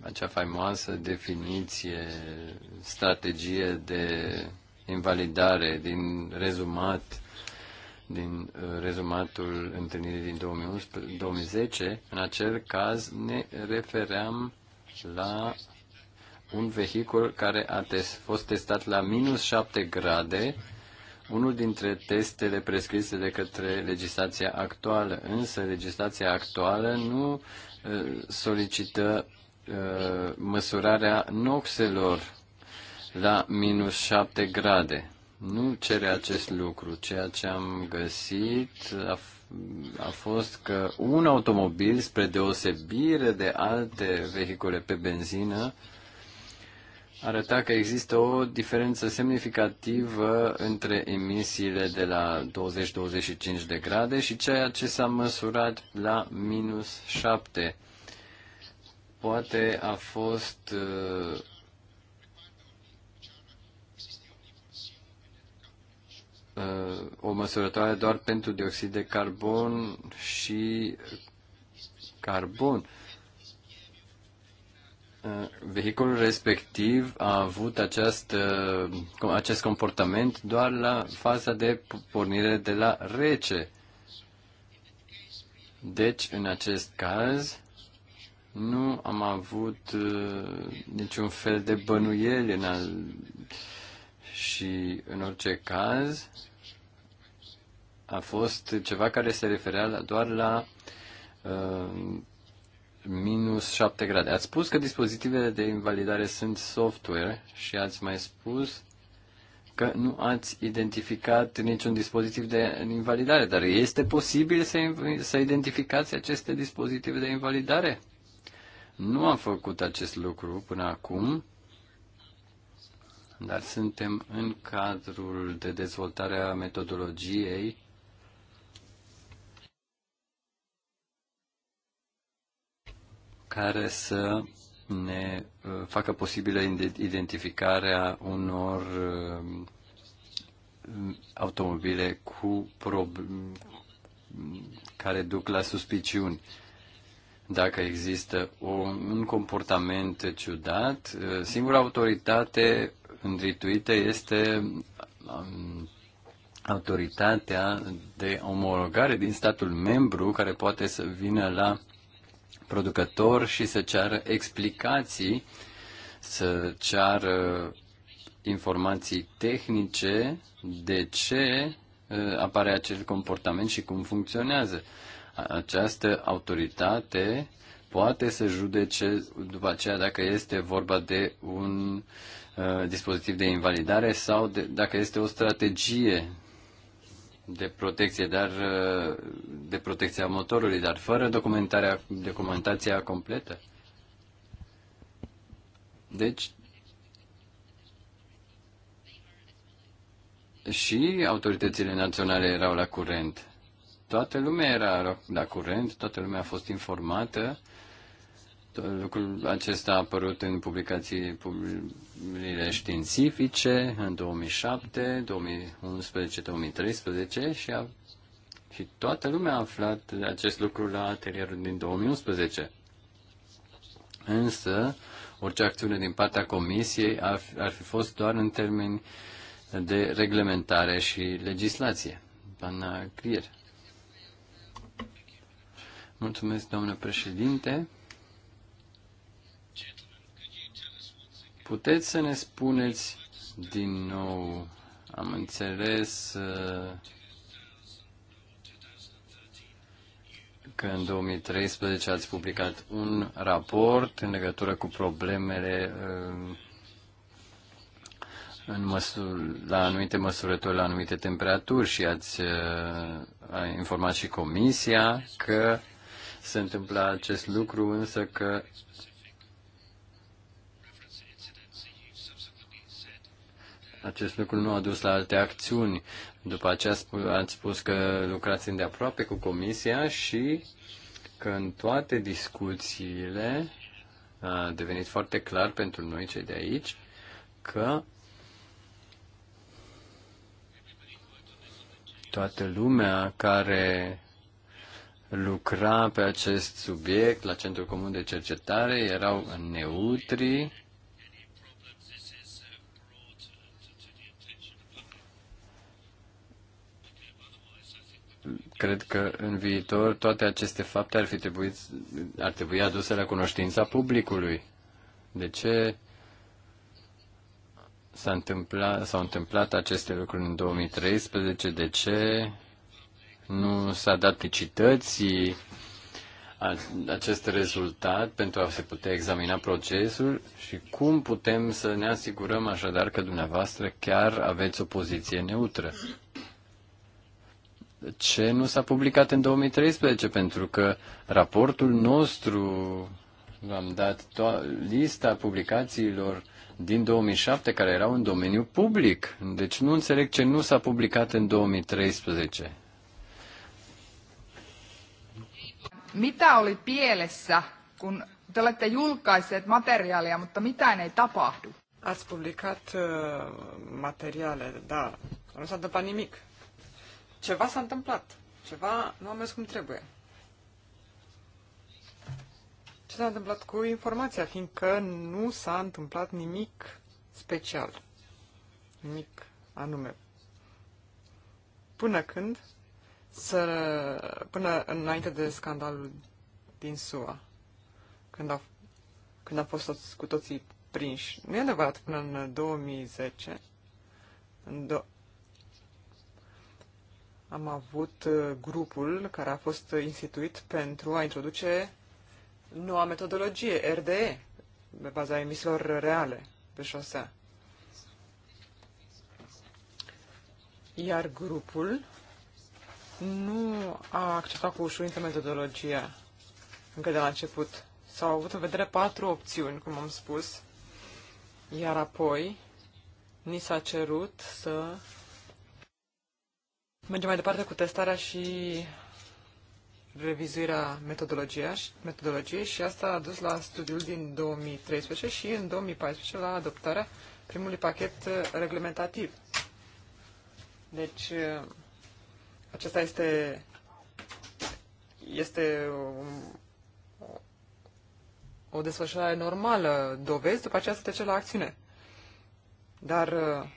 acea faimoasă definiție, strategie de invalidare din rezumat, din uh, rezumatul întâlnirii din 2011, 2010, în acel caz ne refeream la un vehicul care a fost testat la minus 7 grade unul dintre testele prescrise de către legislația actuală, însă legislația actuală nu uh, solicită uh, măsurarea noxelor la minus 7 grade. Nu cere acest lucru. Ceea ce am găsit a, a fost că un automobil, spre deosebire de alte vehicule pe benzină, uh, arăta că există o diferență semnificativă între emisiile de la 20-25 de grade și ceea ce s-a măsurat la minus 7. Poate a fost uh, o măsurătoare doar pentru dioxid de carbon și carbon. Uh, vehiculul respectiv a avut acest uh, acest comportament doar la faza de pornire de la rece. Deci, în acest caz, nu am avut uh, niciun fel de bănuieli în al... și, în orice caz, a fost ceva care se referea la, doar la uh, minus 7 grade. Ați spus că dispozitivele de invalidare sunt software și ați mai spus că nu ați identificat niciun dispozitiv de invalidare, dar este posibil să, să identificați aceste dispozitive de invalidare? Nu am făcut acest lucru până acum, dar suntem în cadrul de dezvoltare a metodologiei care să ne uh, facă posibilă identificarea unor uh, automobile cu care duc la suspiciuni. Dacă există un comportament ciudat, uh, singura autoritate îndrituită este um, autoritatea de omologare din statul membru care poate să vină la producător și să ceară explicații, să ceară informații tehnice de ce uh, apare acel comportament și cum funcționează. Această autoritate poate să judece după aceea dacă este vorba de un uh, dispozitiv de invalidare sau de, dacă este o strategie de protecție, dar uh, de protecția motorului, dar fără documentarea, documentația completă. Deci, și autoritățile naționale erau la curent. Toată lumea era la curent, toată lumea a fost informată Lucrul acesta a apărut în publicații publicile științifice în 2007, 2011, 2013 și, a, și toată lumea a aflat acest lucru la atelierul din 2011. Însă, orice acțiune din partea Comisiei ar, ar fi fost doar în termeni de reglementare și legislație. Doamna Crier. Mulțumesc, doamnă președinte. Puteți să ne spuneți din nou, am înțeles uh, că în 2013 ați publicat un raport în legătură cu problemele uh, în măsur, la anumite măsurători, la anumite temperaturi și ați uh, a informat și comisia că se întâmplă acest lucru, însă că acest lucru nu a dus la alte acțiuni. După aceea ați spus că lucrați îndeaproape cu Comisia și că în toate discuțiile a devenit foarte clar pentru noi cei de aici că toată lumea care lucra pe acest subiect la Centrul Comun de Cercetare erau neutri, Cred că în viitor toate aceste fapte ar, fi trebuit, ar trebui aduse la cunoștința publicului. De ce s-a întâmplat, s-au întâmplat aceste lucruri în 2013? De ce nu s-a dat licitații acest rezultat pentru a se putea examina procesul și cum putem să ne asigurăm așadar că dumneavoastră chiar aveți o poziție neutră? ce nu s-a publicat în 2013, pentru că raportul nostru, am dat lista publicațiilor din 2007 care erau în domeniu public. Deci nu înțeleg ce nu s-a publicat în 2013. Mitä oli pielessä, kun te olette julkaisseet materiaalia, mutta mitään ei tapahdu? Ați publicat uh, materiale, da. Nu s-a întâmplat nimic. Ceva s-a întâmplat. Ceva nu a mers cum trebuie. Ce s-a întâmplat cu informația, fiindcă nu s-a întâmplat nimic special. Nimic anume. Până când? Să, până înainte de scandalul din SUA, când a, când a fost toți, cu toții prinși. Nu e adevărat, până în 2010, în, do, am avut uh, grupul care a fost instituit pentru a introduce noua metodologie, RDE, pe baza emisiilor reale pe șosea. Iar grupul nu a acceptat cu ușurință metodologia încă de la început. S-au avut în vedere patru opțiuni, cum am spus, iar apoi ni s-a cerut să Mergem mai departe cu testarea și revizuirea metodologiei și asta a dus la studiul din 2013 și în 2014 la adoptarea primului pachet uh, reglementativ. Deci, uh, acesta este, este o, o desfășurare normală, dovezi, după aceea se trece la acțiune. Dar uh,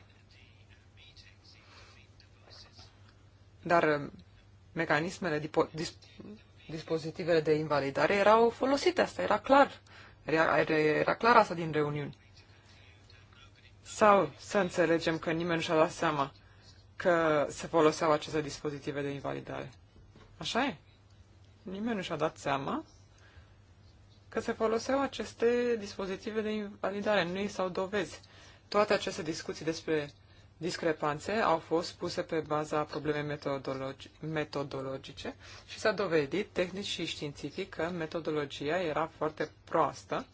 Dar uh, mecanismele, dispozitivele de invalidare erau folosite, asta era clar. Era, era clar asta din reuniuni. Sau să înțelegem că nimeni nu și-a dat seama că se foloseau aceste dispozitive de invalidare. Așa e. Nimeni nu și-a dat seama că se foloseau aceste dispozitive de invalidare. Nu i s-au dovezi. Toate aceste discuții despre discrepanțe au fost puse pe baza probleme metodologi metodologice și s-a dovedit tehnic și științific că metodologia era foarte proastă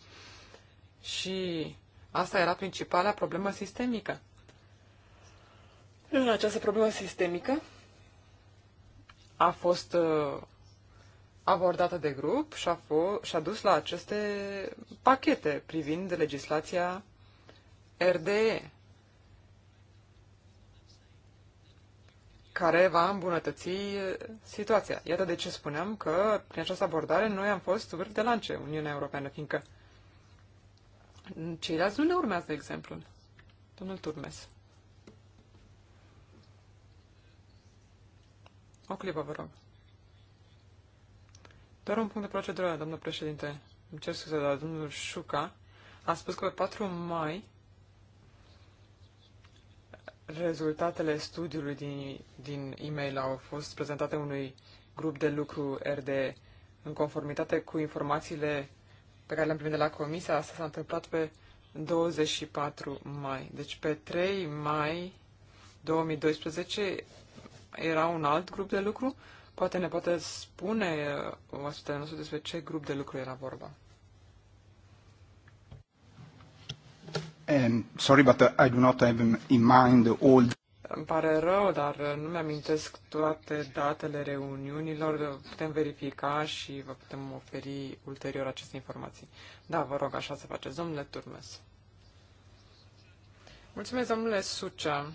și asta era principala problemă sistemică. În această problemă sistemică a fost uh, abordată de grup și a, fost, și a dus la aceste pachete privind legislația RDE care va îmbunătăți eh, situația. Iată de ce spuneam că prin această abordare noi am fost vârf de lance Uniunea Europeană, fiindcă ceilalți nu ne urmează exemplul. Domnul Turmes. O clipă, vă rog. Doar un punct de procedură, domnul președinte. Îmi cer scuze, dar domnul Șuca a spus că pe 4 mai Rezultatele studiului din, din e-mail au fost prezentate unui grup de lucru RD în conformitate cu informațiile pe care le-am primit de la comisia. Asta s-a întâmplat pe 24 mai. Deci pe 3 mai 2012 era un alt grup de lucru. Poate ne poate spune uh, o nostru despre ce grup de lucru era vorba. And sorry, but uh, I do not have in mind all. Îmi pare rău, dar uh, nu mi-amintesc toate datele reuniunilor. Putem verifica și vă putem oferi ulterior aceste informații. Da, vă rog, așa să face, Domnule Turmes. Mulțumesc, domnule Sucea.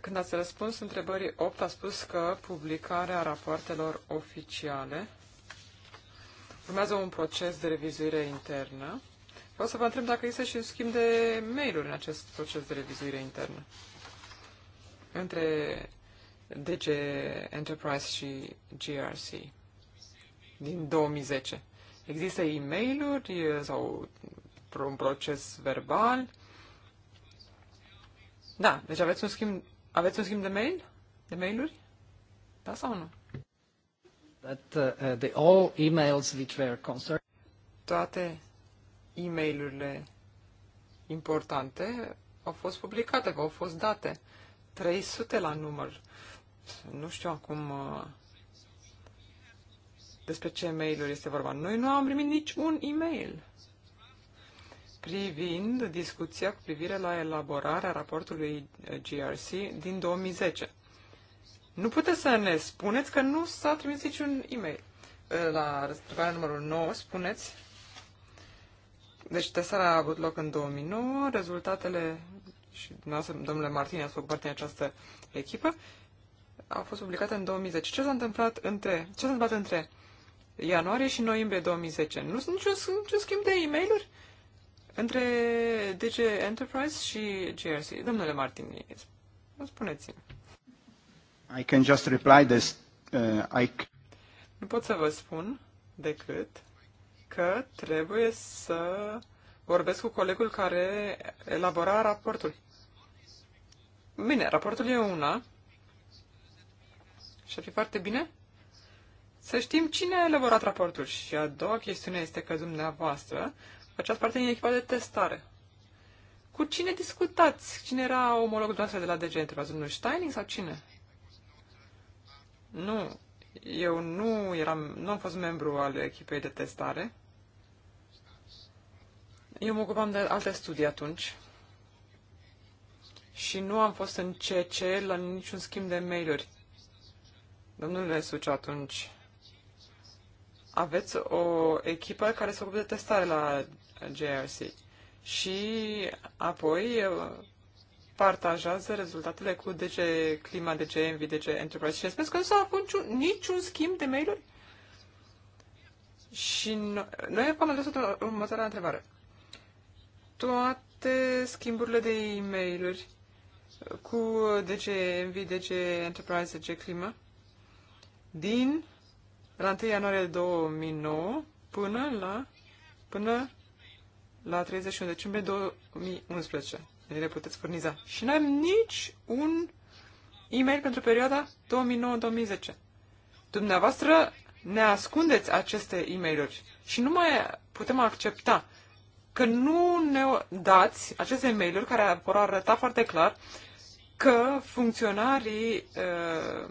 Când ați răspuns întrebării 8, a spus că publicarea rapoartelor oficiale urmează un proces de revizuire internă Vreau să vă întreb dacă există și un schimb de mail-uri în acest proces de revizuire internă între DG Enterprise și GRC din 2010. Există e mail sau un proces verbal? Da, deci aveți un schimb, aveți un schimb de mail? De mail-uri? Da sau nu? That, uh, uh the all emails which were concerned. Toate e mail importante au fost publicate, au fost date. 300 la număr. Nu știu acum uh, despre ce mail este vorba. Noi nu am primit niciun e-mail privind discuția cu privire la elaborarea raportului uh, GRC din 2010. Nu puteți să ne spuneți că nu s-a trimis niciun e-mail. Uh, la răstuparea numărul 9 spuneți deci testarea a avut loc în 2009, rezultatele, și dumneavoastră, domnule Martin, ați făcut parte din această echipă, au fost publicate în 2010. Ce s-a întâmplat între, ce s-a întâmplat între ianuarie și noiembrie 2010? Nu sunt niciun, niciun schimb de e mail între DG Enterprise și GRC. Domnule Martin, spuneți-mi. I can just reply this. Uh, I... Nu pot să vă spun decât că trebuie să vorbesc cu colegul care elabora raportul. Bine, raportul e una și ar fi foarte bine să știm cine a elaborat raportul. Și a doua chestiune este că dumneavoastră faceați parte din echipa de testare. Cu cine discutați? Cine era omologul dumneavoastră de la DG Enterprise? Domnul Steining sau cine? Nu, eu nu eram, nu am fost membru al echipei de testare. Eu mă ocupam de alte studii atunci și nu am fost în CC la niciun schimb de mail-uri. Domnule Suce, atunci aveți o echipă care se ocupă de testare la JRC și apoi partajează rezultatele cu DG Clima, DG Envy, DG Enterprise. Și sper că nu s-a avut niciun, niciun schimb de mail-uri. Și no- noi v-am adresat următoarea întrebare toate schimburile de e mail uri cu DC Envy, DC Enterprise, DC Clima din la 1 ianuarie 2009 până la până la 31 decembrie 2011. Deci le puteți furniza. Și n-am nici un e-mail pentru perioada 2009-2010. Dumneavoastră ne ascundeți aceste e mail uri și nu mai putem accepta că nu ne dați aceste mail-uri care vor arăta foarte clar că funcționarii uh,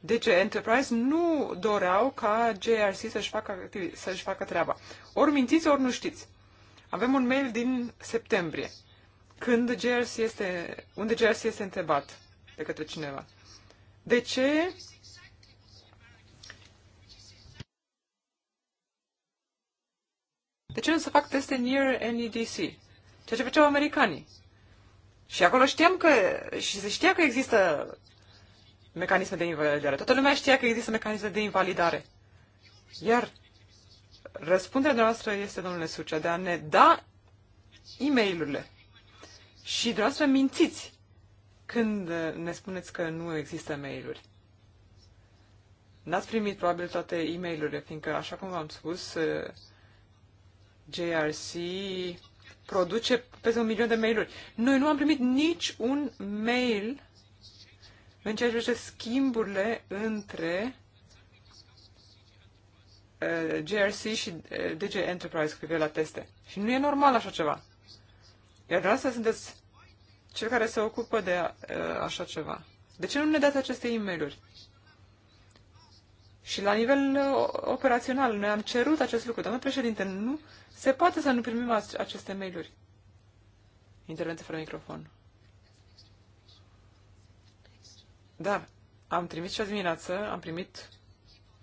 DG Enterprise nu doreau ca JRC să-și facă, să-și facă treaba. Ori mințiți, ori nu știți. Avem un mail din septembrie, când JRC este, unde JRC este întrebat de către cineva. De ce de ce nu să fac teste near NEDC? Ceea ce făceau americanii. Și acolo știam că, și se știa că există mecanisme de invalidare. Toată lumea știa că există mecanisme de invalidare. Iar răspunderea noastră este, domnule Sucea, de a ne da e mail Și dumneavoastră mințiți când ne spuneți că nu există mail-uri. N-ați primit probabil toate e mail fiindcă, așa cum v-am spus, JRC produce peste un milion de mail-uri. Noi nu am primit nici un mail în ceea ce schimburile între uh, JRC și uh, DG Enterprise cu privire la teste. Și nu e normal așa ceva. Iar asta sunteți cel care se ocupă de uh, așa ceva. De ce nu ne dați aceste e mail Și la nivel uh, operațional, noi am cerut acest lucru. Doamne președinte, nu se poate să nu primim aceste mail-uri. Intervenție fără microfon. Da, am trimis și dimineață, am primit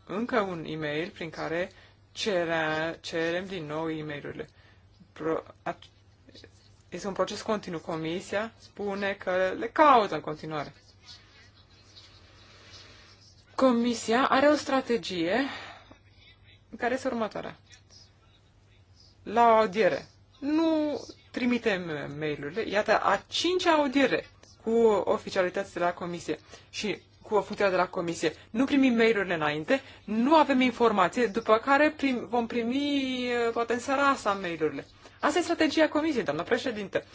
încă un e-mail prin care cerea, cerem din nou e-mailurile. Pro, a, este un proces continuu. Comisia spune că le caută în continuare. Comisia are o strategie care este următoarea la o audiere. Nu trimitem mail-urile. Iată, a cincea audiere cu oficialități de la comisie și cu funcția de la comisie. Nu primim mail-urile înainte, nu avem informație, după care prim, vom primi eh, poate în seara asta mail-urile. Asta e strategia comisiei, doamna președinte.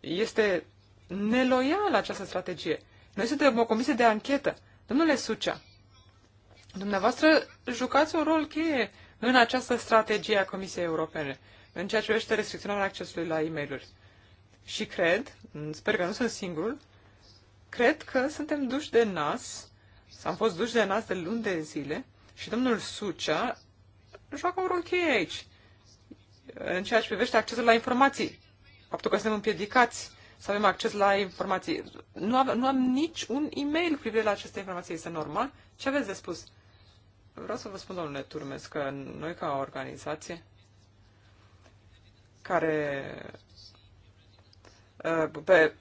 Este neloială această strategie. Noi suntem o comisie de anchetă. Domnule Sucea, dumneavoastră jucați un rol cheie în această strategie a Comisiei Europene, în ceea ce privește restricționarea accesului la e mail Și cred, sper că nu sunt singurul, cred că suntem duși de nas, s am fost duși de nas de luni de zile și domnul Sucea joacă un rol cheie aici, în ceea ce privește accesul la informații. Faptul că suntem împiedicați să avem acces la informații. Nu am, nu am nici un e-mail cu privire la aceste informații. Este normal? Ce aveți de spus? Vreau să vă spun, domnule Turmes, că noi ca organizație care uh, pe,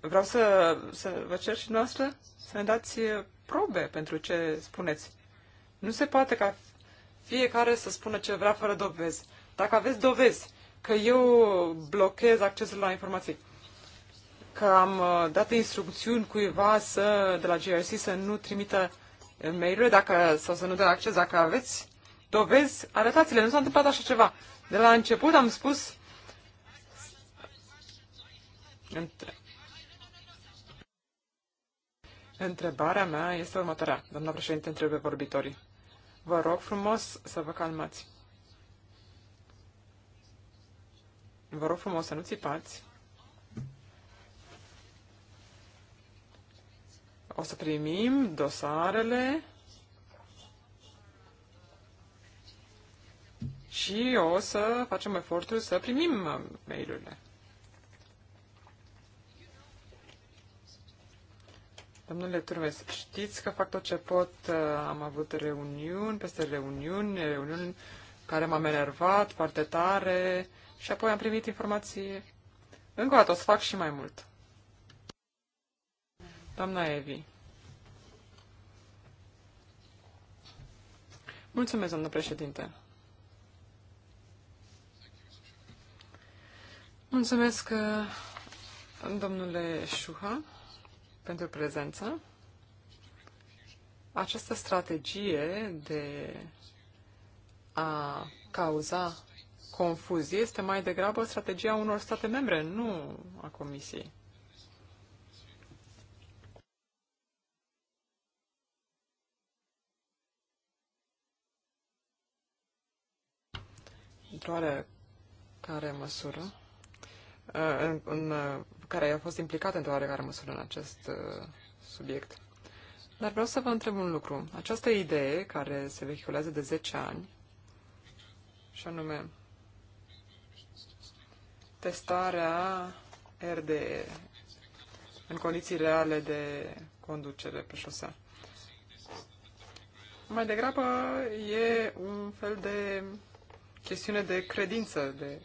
vreau să, să vă cer și noastră să ne dați uh, probe pentru ce spuneți. Nu se poate ca fiecare să spună ce vrea fără dovezi. Dacă aveți dovezi că eu blochez accesul la informații, că am uh, dat instrucțiuni cuiva să, de la GRC să nu trimită mail dacă, sau să nu dea acces. Dacă aveți dovezi, arătați-le. Nu s-a întâmplat așa ceva. De la început am spus Între... Întrebarea mea este următoarea. Doamna președinte, întrebe vorbitorii. Vă rog frumos să vă calmați. Vă rog frumos să nu țipați. O să primim dosarele și o să facem efortul să primim mail-urile. Domnule Turmes, știți că fac tot ce pot, uh, am avut reuniuni, peste reuniuni, reuniuni care m-am enervat foarte tare și apoi am primit informații. Încă o dată o să fac și mai mult. Doamna Evi. Mulțumesc, doamnă președinte. Mulțumesc, uh, domnule Șuha, pentru prezență. Această strategie de a cauza confuzie este mai degrabă strategia unor state membre, nu a Comisiei. pentru care măsură, uh, în, în, uh, care a fost implicat într-o oarecare măsură în acest uh, subiect. Dar vreau să vă întreb un lucru. Această idee care se vehiculează de 10 ani, și anume testarea RDE în condiții reale de conducere pe șosea. Mai degrabă e un fel de chestiune de credință, de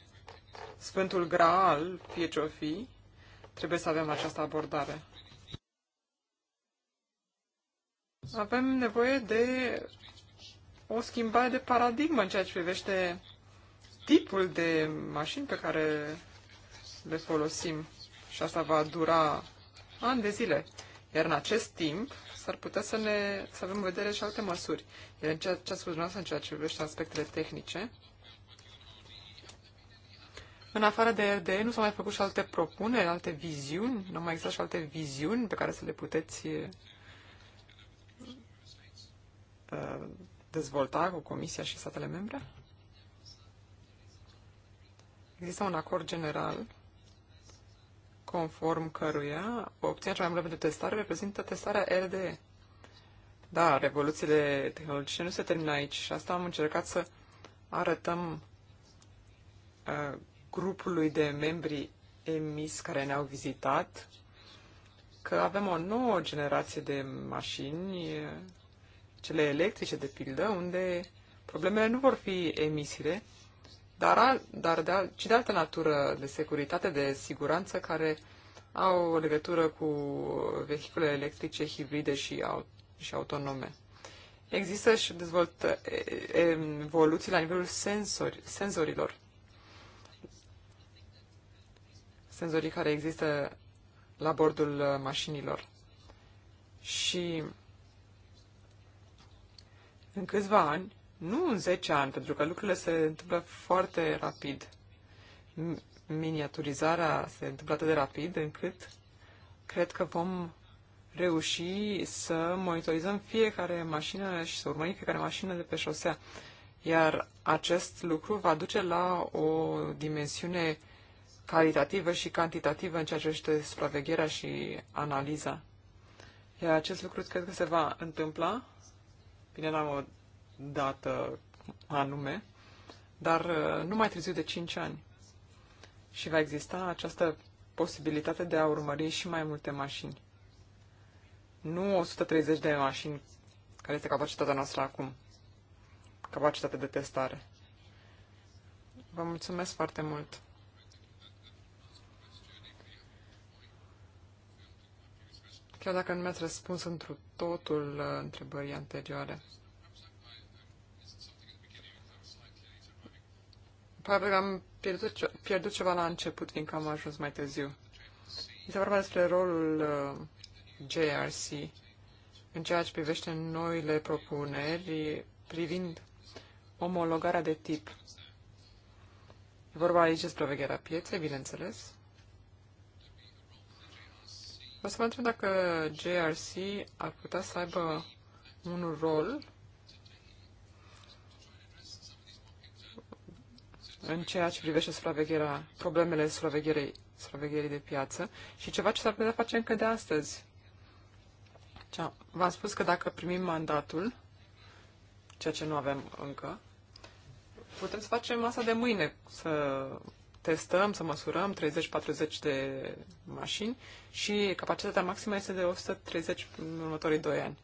Sfântul Graal, fie ce-o fi, trebuie să avem această abordare. Avem nevoie de o schimbare de paradigmă în ceea ce privește tipul de mașini pe care le folosim și asta va dura ani de zile. Iar în acest timp s-ar putea să, ne, să avem în vedere și alte măsuri. Iar în ceea ce a spus dumneavoastră în ceea ce privește aspectele tehnice, în afară de RDE nu s-au mai făcut și alte propuneri, alte viziuni, nu mai există și alte viziuni pe care să le puteți eh, dezvolta cu Comisia și statele membre? Există un acord general conform căruia opțiunea cea mai bună pentru testare reprezintă testarea RDE. Da, revoluțiile tehnologice nu se termină aici și asta am încercat să arătăm uh, grupului de membri emis care ne-au vizitat că avem o nouă generație de mașini, cele electrice de pildă, unde problemele nu vor fi emisiile, dar, dar de, ci de altă natură, de securitate, de siguranță, care au o legătură cu vehiculele electrice, hibride și, au, și autonome. Există și dezvoltă evoluții la nivelul sensori, senzorilor. senzorii care există la bordul uh, mașinilor. Și în câțiva ani, nu în 10 ani, pentru că lucrurile se întâmplă foarte rapid. Miniaturizarea se întâmplă atât de rapid încât cred că vom reuși să monitorizăm fiecare mașină și să urmărim fiecare mașină de pe șosea. Iar acest lucru va duce la o dimensiune calitativă și cantitativă în ceea ce este supravegherea și analiza. Iar acest lucru cred că se va întâmpla, bine, n-am o dată anume, dar uh, nu mai târziu de 5 ani. Și va exista această posibilitate de a urmări și mai multe mașini. Nu 130 de mașini, care este capacitatea noastră acum, capacitatea de testare. Vă mulțumesc foarte mult! chiar dacă nu mi-ați răspuns întru totul uh, întrebării anterioare. Probabil am pierdut, ce- pierdut ceva la început, fiindcă am ajuns mai târziu. Este vorba despre rolul uh, JRC în ceea ce privește noile propuneri privind omologarea de tip. E vorba aici despre vegherea pieței, bineînțeles. Vă să vă întreb dacă JRC ar putea să aibă un rol în ceea ce privește supravegherea, problemele supravegherei, supravegherii de piață și ceva ce s-ar putea face încă de astăzi. V-am spus că dacă primim mandatul, ceea ce nu avem încă, putem să facem asta de mâine, să testăm, să măsurăm 30-40 de mașini și capacitatea maximă este de 130 în următorii 2 ani.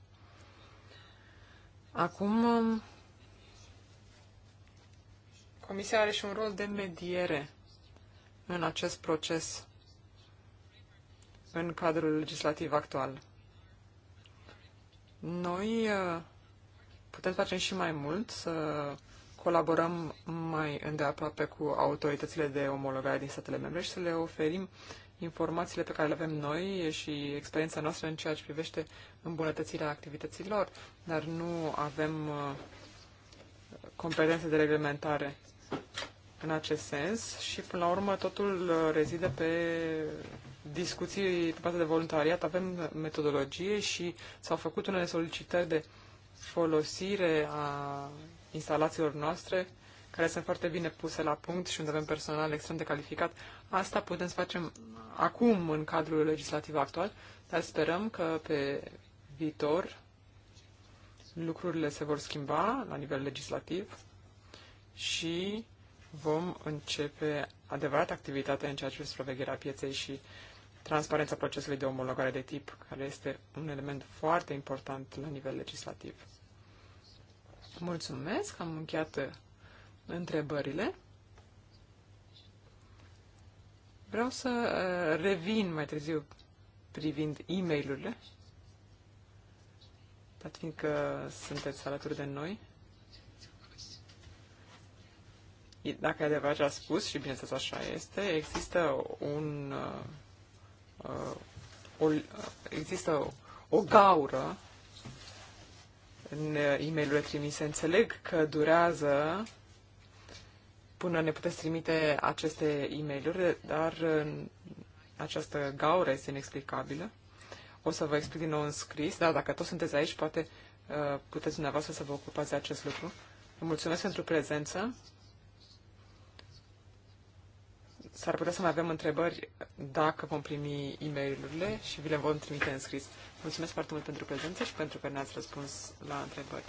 Acum, um, Comisia are și un rol de mediere în acest proces în cadrul legislativ actual. Noi uh, putem face și mai mult să colaborăm mai îndeaproape cu autoritățile de omologare din statele membre și să le oferim informațiile pe care le avem noi și experiența noastră în ceea ce privește îmbunătățirea activităților, dar nu avem uh, competențe de reglementare în acest sens și, până la urmă, totul uh, rezidă pe discuții pe partea de voluntariat. Avem metodologie și s-au făcut unele solicitări de folosire a instalațiilor noastre, care sunt foarte bine puse la punct și unde avem personal extrem de calificat. Asta putem să facem acum în cadrul legislativ actual, dar sperăm că pe viitor lucrurile se vor schimba la nivel legislativ și vom începe adevărat activitatea în ceea ce supravegherea pieței și transparența procesului de omologare de tip, care este un element foarte important la nivel legislativ. Mulțumesc, am încheiat uh, întrebările. Vreau să uh, revin mai târziu privind e mail dat fiindcă sunteți alături de noi. Dacă e adevărat ce a spus, și bineînțeles așa este, există un... Uh, uh o, există o gaură în uh, e mail trimise. Înțeleg că durează până ne puteți trimite aceste e mail dar uh, această gaură este inexplicabilă. O să vă explic din nou în scris, dar dacă toți sunteți aici, poate uh, puteți dumneavoastră să vă ocupați de acest lucru. Vă mulțumesc pentru prezență. S-ar putea să mai avem întrebări dacă vom primi e mail și vi le vom trimite în scris. Mulțumesc foarte mult pentru prezență și pentru că ne-ați răspuns la întrebări.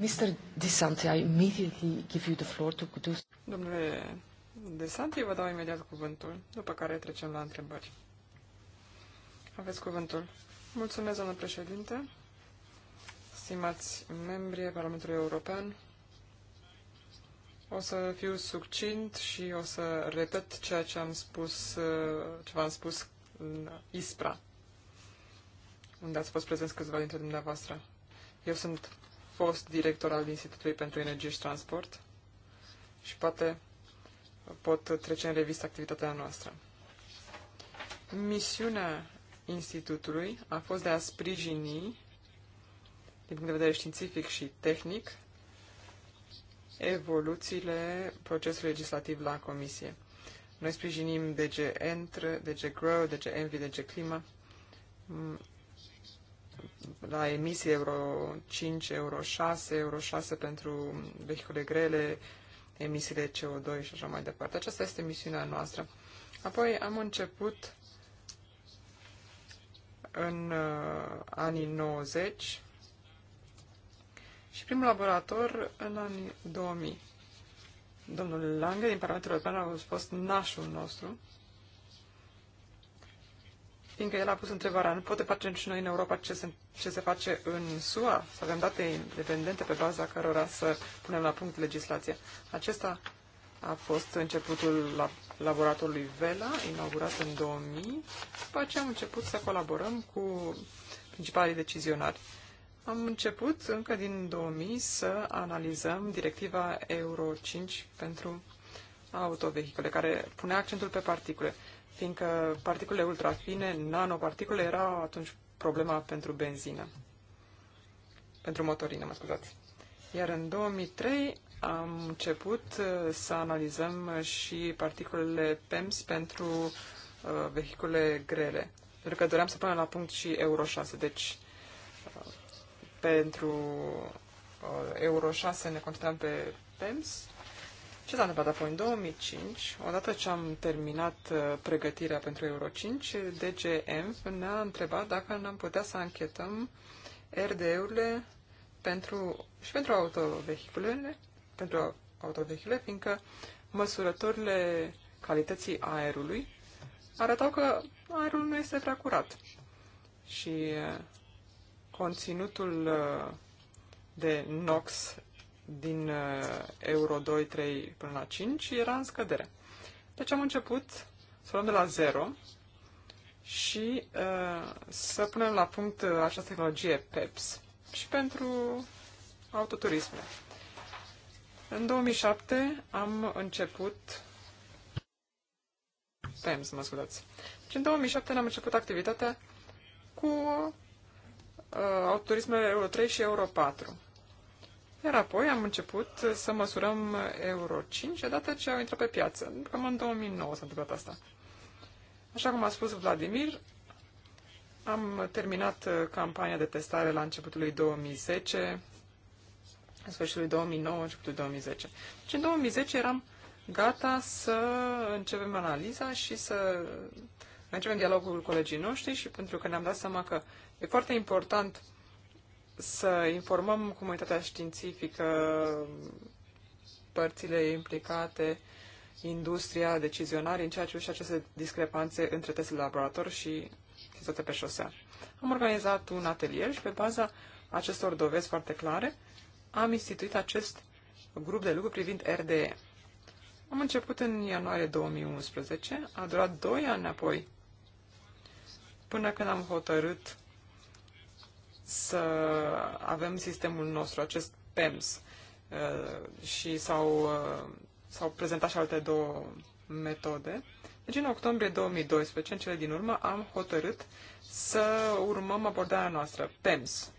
Mr. DeSanti, I immediately give you the floor to do... Domnule DeSanti, vă dau imediat cuvântul, după care trecem la întrebări. Aveți cuvântul. Mulțumesc, doamnă președinte, stimați membri ai Parlamentului European. O să fiu succint și o să repet ceea ce am spus, ce v-am spus în ISPRA, unde ați fost prezenți câțiva dintre dumneavoastră. Eu sunt fost director al Institutului pentru Energie și Transport și poate pot trece în revistă activitatea noastră. Misiunea Institutului a fost de a sprijini, din punct de vedere științific și tehnic, evoluțiile procesului legislativ la Comisie. Noi sprijinim DG Entr, DG Grow, DG Envy, DG Clima, la emisii Euro 5, Euro 6, Euro 6 pentru vehicule grele, emisiile CO2 și așa mai departe. Aceasta este misiunea noastră. Apoi am început în uh, anii 90 și primul laborator în anii 2000. Domnul Lange din Parlamentul European a fost nașul nostru fiindcă el a pus întrebarea, nu poate face și noi în Europa ce se, ce se face în SUA, să avem date independente pe baza cărora să punem la punct legislația. Acesta a fost începutul la laboratorului Vela, inaugurat în 2000. După aceea am început să colaborăm cu principalii decizionari. Am început încă din 2000 să analizăm directiva Euro 5 pentru autovehicule, care pune accentul pe particule fiindcă particulele ultrafine, nanoparticule, erau atunci problema pentru benzină, pentru motorină, mă scuzați. Iar în 2003 am început uh, să analizăm și particulele PEMS pentru uh, vehicule grele, pentru că doream să punem la punct și Euro 6, deci uh, pentru uh, Euro 6 ne concentrăm pe PEMS, ce s-a întâmplat apoi? În 2005, odată ce am terminat uh, pregătirea pentru Euro 5, DGM ne-a întrebat dacă n-am putea să anchetăm RDE-urile pentru, și pentru autovehiculele, pentru autovehicule, fiindcă măsurătorile calității aerului arătau că aerul nu este prea curat. Și uh, conținutul uh, de NOx din uh, euro 2, 3 până la 5 era în scădere. Deci am început să luăm de la 0 și uh, să punem la punct uh, această tehnologie PEPS și pentru autoturisme. În 2007 am început PEMS, mă scuzați. Deci în 2007 am început activitatea cu uh, autoturismele Euro 3 și Euro 4. Iar apoi am început să măsurăm Euro 5 odată ce au intrat pe piață. Cam în 2009 s-a întâmplat asta. Așa cum a spus Vladimir, am terminat campania de testare la începutul lui 2010, în sfârșitul lui 2009, începutul 2010. Deci în 2010 eram gata să începem analiza și să începem dialogul cu colegii noștri și pentru că ne-am dat seama că e foarte important să informăm comunitatea științifică, părțile implicate, industria, decizionarii în ceea ce privește aceste discrepanțe între testele laborator și toate pe șosea. Am organizat un atelier și pe baza acestor dovezi foarte clare am instituit acest grup de lucru privind RDE. Am început în ianuarie 2011, a durat 2 ani apoi, până când am hotărât să avem sistemul nostru, acest PEMS. Uh, și s-au, uh, s-au prezentat și alte două metode. Deci în octombrie 2012, în cele din urmă, am hotărât să urmăm abordarea noastră, PEMS.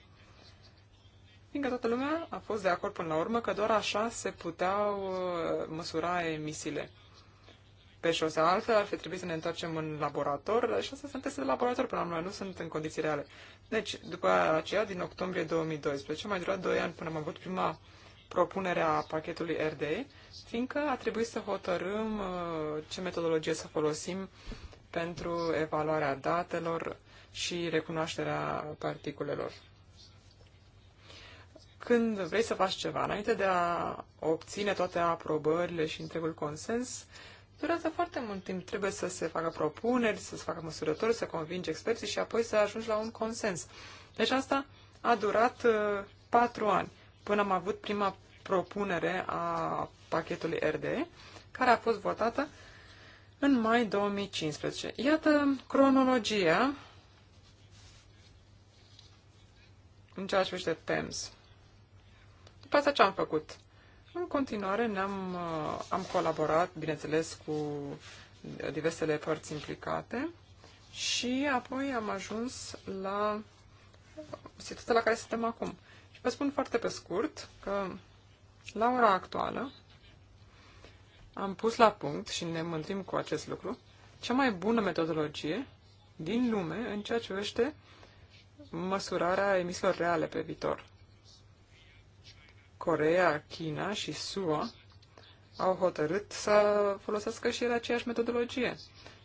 Fiindcă toată lumea a fost de acord până la urmă că doar așa se puteau uh, măsura emisiile pe șosea altfel, ar fi trebuit să ne întoarcem în laborator și asta sunt teste de laborator, până la noi, nu sunt în condiții reale. Deci, după aceea, din octombrie 2012, mai durat 2 ani până am avut prima propunere a pachetului RDE, fiindcă a trebuit să hotărâm uh, ce metodologie să folosim pentru evaluarea datelor și recunoașterea particulelor. Când vrei să faci ceva, înainte de a obține toate aprobările și întregul consens, durează foarte mult timp. Trebuie să se facă propuneri, să se facă măsurători, să convingi experții și apoi să ajungi la un consens. Deci asta a durat uh, patru ani până am avut prima propunere a pachetului RDE, care a fost votată în mai 2015. Iată cronologia în ceea ce privește PEMS. După asta ce am făcut? În continuare ne-am, uh, am colaborat, bineînțeles, cu diversele părți implicate și apoi am ajuns la situația la care suntem acum. Și vă spun foarte pe scurt că la ora actuală am pus la punct și ne mândrim cu acest lucru cea mai bună metodologie din lume în ceea ce privește măsurarea emisiilor reale pe viitor. Corea, China și SUA au hotărât să folosească și ele aceeași metodologie.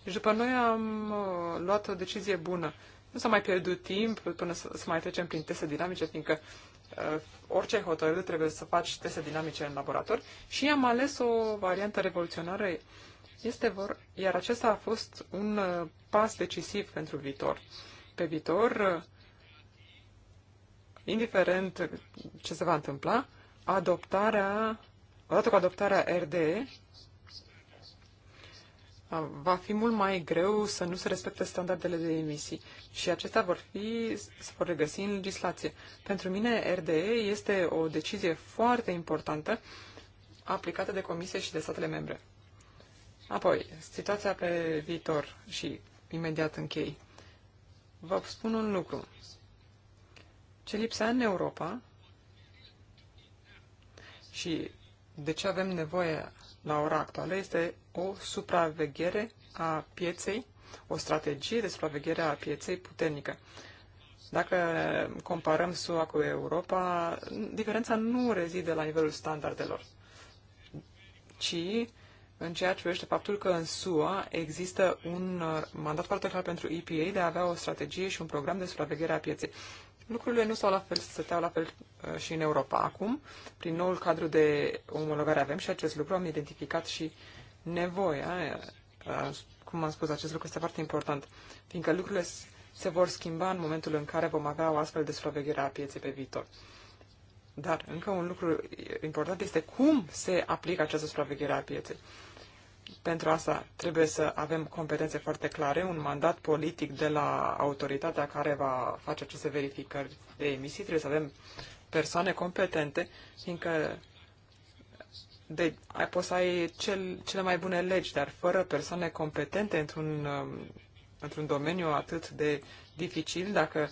Deci după noi am uh, luat o decizie bună. Nu s-a mai pierdut timp până să, să mai trecem prin teste dinamice, fiindcă uh, orice hotărât trebuie să faci teste dinamice în laborator și am ales o variantă revoluționară. Este vor, iar acesta a fost un uh, pas decisiv pentru viitor. Pe viitor, uh, indiferent ce se va întâmpla, uh, adoptarea, odată cu adoptarea RDE, va fi mult mai greu să nu se respecte standardele de emisii și acestea vor fi, se vor regăsi în legislație. Pentru mine, RDE este o decizie foarte importantă aplicată de Comisie și de statele membre. Apoi, situația pe viitor și imediat închei. Vă spun un lucru. Ce lipsea în Europa și de ce avem nevoie la ora actuală este o supraveghere a pieței, o strategie de supraveghere a pieței puternică. Dacă comparăm SUA cu Europa, diferența nu rezide la nivelul standardelor, ci în ceea ce privește faptul că în SUA există un mandat foarte clar pentru EPA de a avea o strategie și un program de supraveghere a pieței lucrurile nu s-au la fel, se la fel uh, și în Europa. Acum, prin noul cadru de omologare avem și acest lucru, am identificat și nevoia, uh, uh, cum am spus, acest lucru este foarte important, fiindcă lucrurile se vor schimba în momentul în care vom avea o astfel de supraveghere a pieței pe viitor. Dar încă un lucru important este cum se aplică această supraveghere a pieței. Pentru asta trebuie să avem competențe foarte clare, un mandat politic de la autoritatea care va face aceste verificări de emisii. Trebuie să avem persoane competente, fiindcă de, ai, poți să ai cel, cele mai bune legi, dar fără persoane competente într-un, um, într-un domeniu atât de dificil, dacă,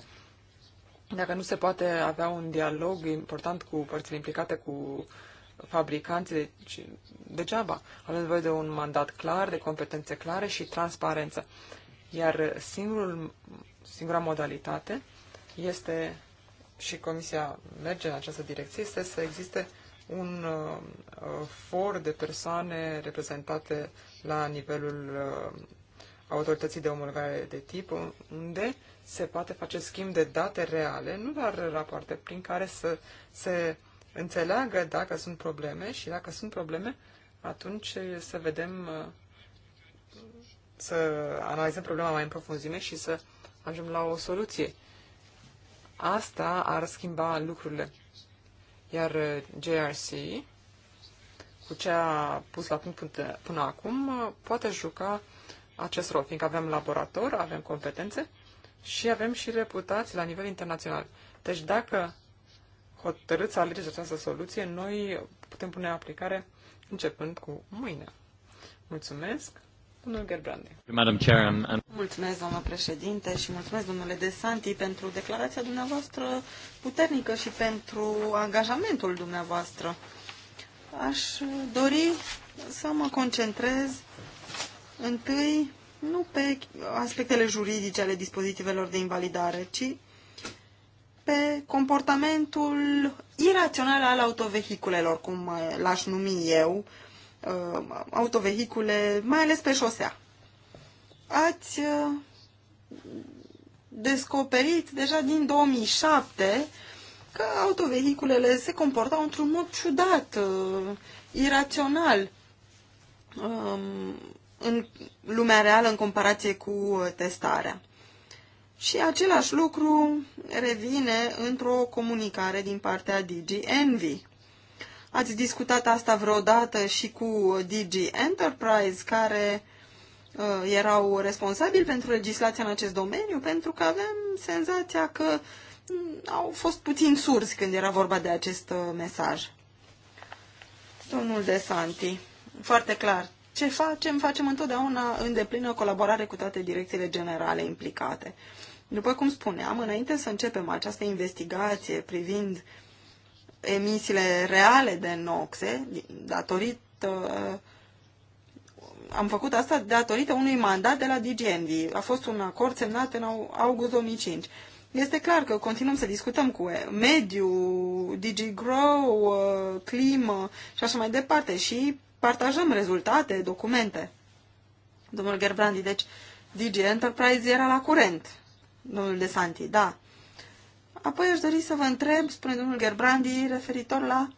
dacă nu se poate avea un dialog important cu părțile implicate, cu uh, fabricanții degeaba. Avem nevoie de un mandat clar, de competențe clare și transparență. Iar singurul, singura modalitate este, și Comisia merge în această direcție, este să existe un uh, for de persoane reprezentate la nivelul uh, autorității de omologare de tip, unde se poate face schimb de date reale, nu doar rapoarte, prin care să se înțeleagă dacă sunt probleme și dacă sunt probleme, atunci să vedem, să analizăm problema mai în profunzime și să ajungem la o soluție. Asta ar schimba lucrurile. Iar JRC, cu ce a pus la punct până acum, poate juca acest rol, fiindcă avem laborator, avem competențe și avem și reputații la nivel internațional. Deci dacă hotărât să alegeți această soluție, noi putem pune în aplicare începând cu mâine. Mulțumesc! Domnul Gerbrandi. Mulțumesc, doamnă președinte, și mulțumesc, domnule De Santi, pentru declarația dumneavoastră puternică și pentru angajamentul dumneavoastră. Aș dori să mă concentrez întâi nu pe aspectele juridice ale dispozitivelor de invalidare, ci pe comportamentul irațional al autovehiculelor, cum uh, l-aș numi eu, uh, autovehicule, mai ales pe șosea. Ați uh, descoperit deja din 2007 că autovehiculele se comportau într-un mod ciudat, irațional um, în lumea reală în comparație cu testarea. Și același lucru revine într-o comunicare din partea DG Envy. Ați discutat asta vreodată și cu DG Enterprise, care uh, erau responsabili pentru legislația în acest domeniu, pentru că avem senzația că mm, au fost puțin surzi când era vorba de acest uh, mesaj. Domnul De Santi, foarte clar, ce facem? Facem întotdeauna în deplină colaborare cu toate direcțiile generale implicate. Uh, după cum spuneam, înainte să începem această investigație privind emisiile reale de noxe, datorită am făcut asta datorită unui mandat de la DGNV. A fost un acord semnat în august 2005. Este clar că continuăm să discutăm cu mediu, DigiGrow, uh, climă uh, și așa mai departe și partajăm rezultate, documente. Domnul Gerbrandi, deci DG Enterprise era la curent domnul Santi, da. Apoi aș dori să vă întreb, spune domnul Gerbrandi, referitor la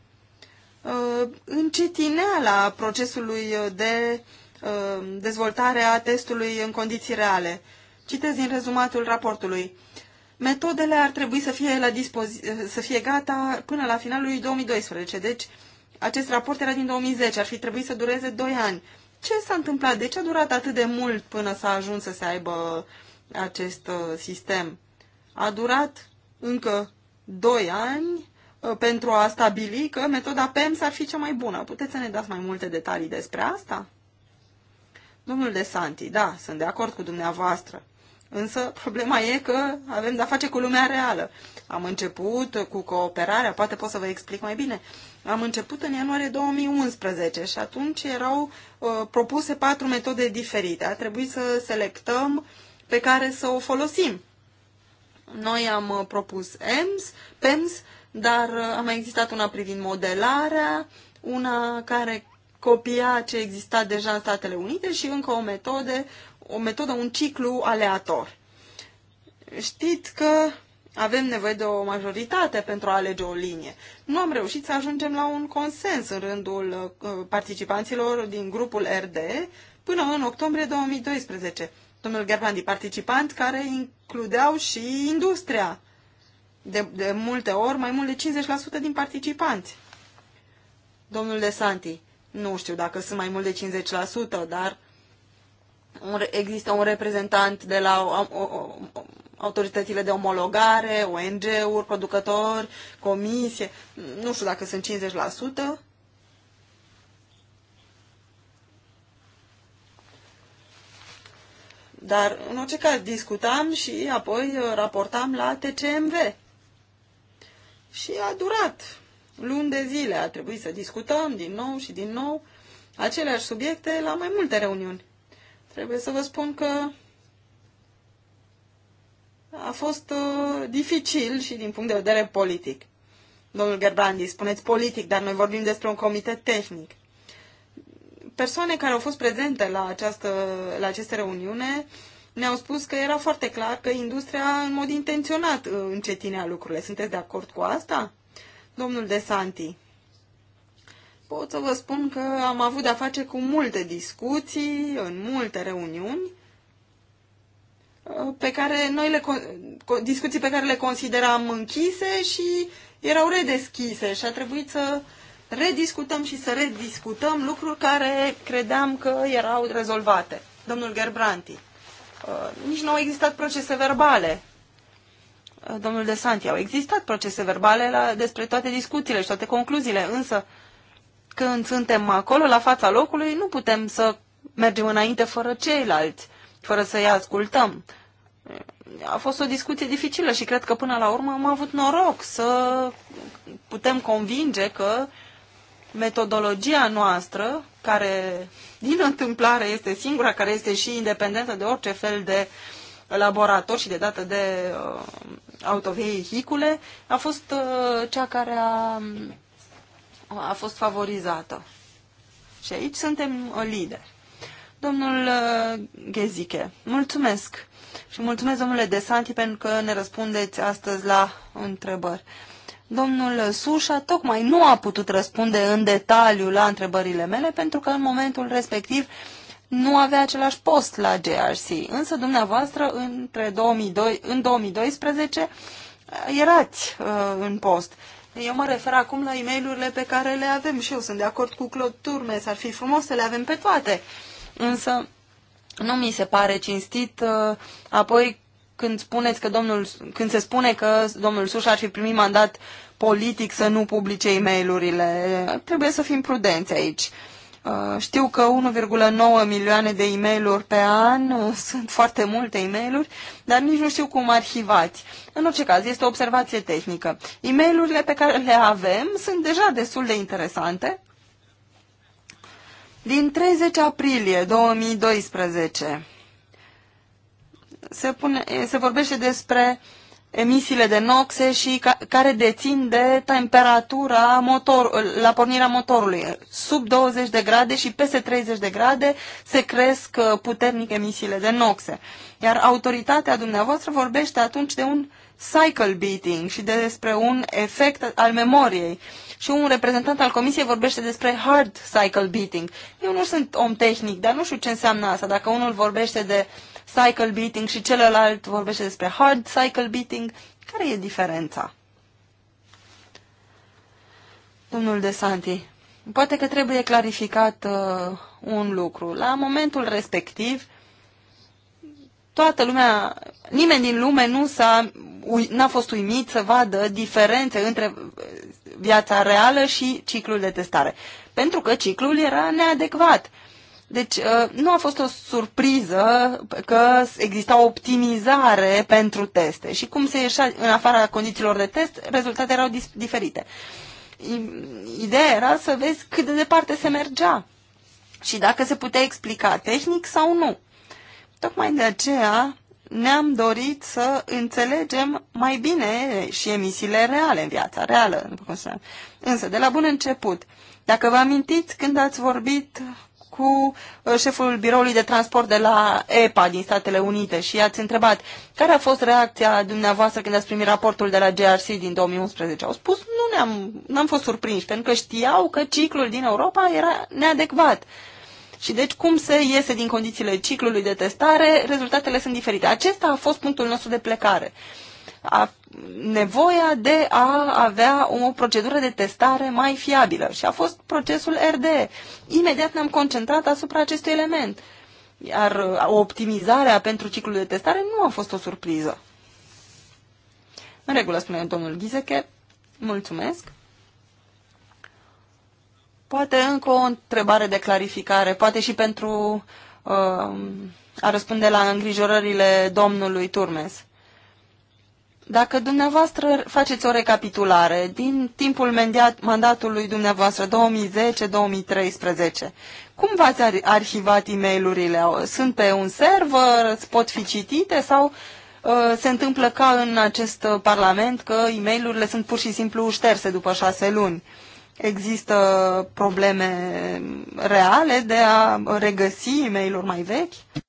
uh, încetineala procesului de uh, dezvoltare a testului în condiții reale. Citez din rezumatul raportului. Metodele ar trebui să fie, la dispozi- să fie gata până la finalul lui 2012, deci acest raport era din 2010, ar fi trebuit să dureze 2 ani. Ce s-a întâmplat? De ce a durat atât de mult până s-a ajuns să se aibă uh, acest uh, sistem. A durat încă 2 ani uh, pentru a stabili că metoda PEMS ar fi cea mai bună. Puteți să ne dați mai multe detalii despre asta? Domnul De Santi, da, sunt de acord cu dumneavoastră. Însă problema e că avem de-a face cu lumea reală. Am început cu cooperarea, poate pot să vă explic mai bine. Am început în ianuarie 2011 și atunci erau uh, propuse patru metode diferite. A trebuit să selectăm uh, pe care să o folosim. Noi am uh, propus EMS, PEMS, dar uh, a mai existat una privind modelarea, una care copia ce exista deja în Statele Unite și încă o metodă, o metodă, un ciclu aleator. Știți că avem nevoie de o majoritate pentru a alege o linie. Nu am reușit să ajungem la un consens în rândul uh, participanților din grupul RD până în octombrie 2012 domnul Gerbrandi, participant care includeau și industria. De, de multe ori, mai mult de 50% din participanți. Domnul De Santi, nu știu dacă sunt mai mult de 50%, dar un, există un reprezentant de la o, o, autoritățile de omologare, ONG-uri, producători, comisie. Nu știu dacă sunt 50%, Dar, în orice caz, discutam și apoi uh, raportam la TCMV. Și a durat luni de zile. A trebuit să discutăm din nou și din nou aceleași subiecte la mai multe reuniuni. Trebuie să vă spun că a fost uh, dificil și din punct de vedere politic. Domnul Gerbrandi, spuneți politic, dar noi vorbim despre un comitet tehnic persoane care au fost prezente la, această, la aceste reuniune ne-au spus că era foarte clar că industria în mod intenționat încetinea lucrurile. Sunteți de acord cu asta? Domnul De Santi. Pot să vă spun că am avut de-a face cu multe discuții, în multe reuniuni, ă, pe care noi le, discuții pe care le consideram închise și erau redeschise și a trebuit să rediscutăm și să rediscutăm lucruri care credeam că erau rezolvate. Domnul Gerbranti, uh, nici nu au existat procese verbale. Uh, domnul De Santi, au existat procese verbale la, despre toate discuțiile și toate concluziile, însă când suntem acolo, la fața locului, nu putem să mergem înainte fără ceilalți, fără să-i ascultăm. A fost o discuție dificilă și cred că până la urmă am avut noroc să putem convinge că uh, metodologia noastră, care din întâmplare este singura care este și independentă de orice fel de laborator și de dată de uh, autovehicule, a fost uh, cea care a, a fost favorizată. Și aici suntem o uh, lider. Domnul uh, Ghezike, mulțumesc. Și mulțumesc, domnule Desanti, pentru că ne răspundeți astăzi la întrebări. Uh, Domnul Sușa tocmai nu a putut răspunde în detaliu la întrebările mele pentru că în momentul respectiv nu avea același post la GRC. Însă dumneavoastră între 2002, în 2012 erați uh, în post. Eu mă refer acum la e pe care le avem și eu sunt de acord cu Claude Turmes, ar fi frumos să le avem pe toate. Însă nu mi se pare cinstit uh, apoi când, spuneți că domnul, când se spune că domnul Suș ar fi primit mandat politic să nu publice e mail trebuie să fim prudenți aici. Uh, știu că 1,9 milioane de e mail pe an uh, sunt foarte multe e mail dar nici nu știu cum arhivați. În orice caz, este o observație tehnică. e mail pe care le avem sunt deja destul de interesante. Din 30 aprilie 2012, se, pune, se vorbește despre emisiile de noxe și ca, care dețin de temperatura motor, la pornirea motorului. Sub 20 de grade și peste 30 de grade se cresc uh, puternic emisiile de noxe. Iar autoritatea dumneavoastră vorbește atunci de un cycle beating și de despre un efect al memoriei. Și un reprezentant al comisiei vorbește despre hard cycle beating. Eu nu sunt om tehnic, dar nu știu ce înseamnă asta. Dacă unul vorbește de uh, cycle beating și celălalt vorbește despre hard cycle beating. Care e diferența? Domnul De Santi, poate că trebuie clarificat uh, un lucru. La momentul respectiv, toată lumea, nimeni din lume nu s-a, n-a fost uimit să vadă diferențe între uh, viața reală și ciclul de testare. Pentru că ciclul era neadecvat. Deci uh, nu a fost o surpriză că exista o optimizare pentru teste și cum se ieșea în afara condițiilor de test, rezultatele erau diferite. Ideea era să vezi cât de departe se mergea și dacă se putea explica tehnic sau nu. Tocmai de aceea ne-am dorit să înțelegem mai bine și emisiile reale în viața reală. Însă, de la bun început, dacă vă amintiți când ați vorbit cu uh, șeful biroului de transport de la EPA din Statele Unite și i-ați întrebat care a fost reacția dumneavoastră când ați primit raportul de la GRC din 2011. Au spus nu ne-am n-am fost surprinși pentru că știau că ciclul din Europa era neadecvat. Și deci cum se iese din condițiile ciclului de testare, rezultatele sunt diferite. Acesta a fost punctul nostru de plecare. Uh, a, nevoia de a avea o procedură de testare mai fiabilă și a fost procesul RD. Imediat ne-am concentrat asupra acestui element, iar uh, optimizarea pentru ciclul de testare nu a fost o surpriză. În regulă, spune domnul Ghizeche, mulțumesc. Poate încă o întrebare de clarificare, poate și pentru uh, a răspunde la îngrijorările domnului Turmes. Dacă dumneavoastră faceți o recapitulare din timpul mandatului dumneavoastră 2010-2013, cum v-ați arhivat e mail Sunt pe un server, pot fi citite sau uh, se întâmplă ca în acest parlament că e mail sunt pur și simplu șterse după șase luni? Există probleme reale de a regăsi e mail mai vechi?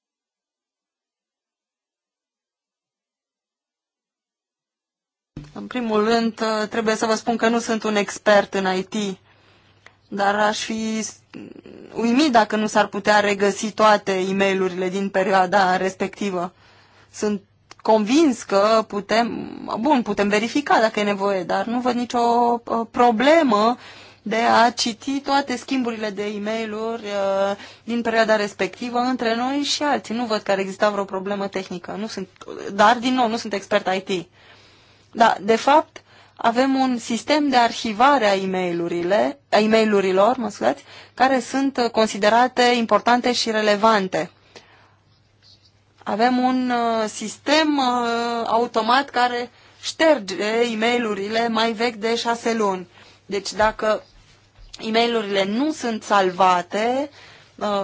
În primul rând, uh, trebuie să vă spun că nu sunt un expert în IT, dar aș fi uimit dacă nu s-ar putea regăsi toate e mail din perioada respectivă. Sunt convins că putem, bun, putem verifica dacă e nevoie, dar nu văd nicio uh, problemă de a citi toate schimburile de e mail uh, din perioada respectivă între noi și alții. Nu văd că ar exista vreo problemă tehnică. Nu sunt, dar, din nou, nu sunt expert IT. Da, de fapt, avem un sistem de arhivare a e-mailurile, a mailurilor mă scuzați, care sunt uh, considerate importante și relevante. Avem un uh, sistem uh, automat care șterge e mail mai vechi de șase luni. Deci dacă e mail nu sunt salvate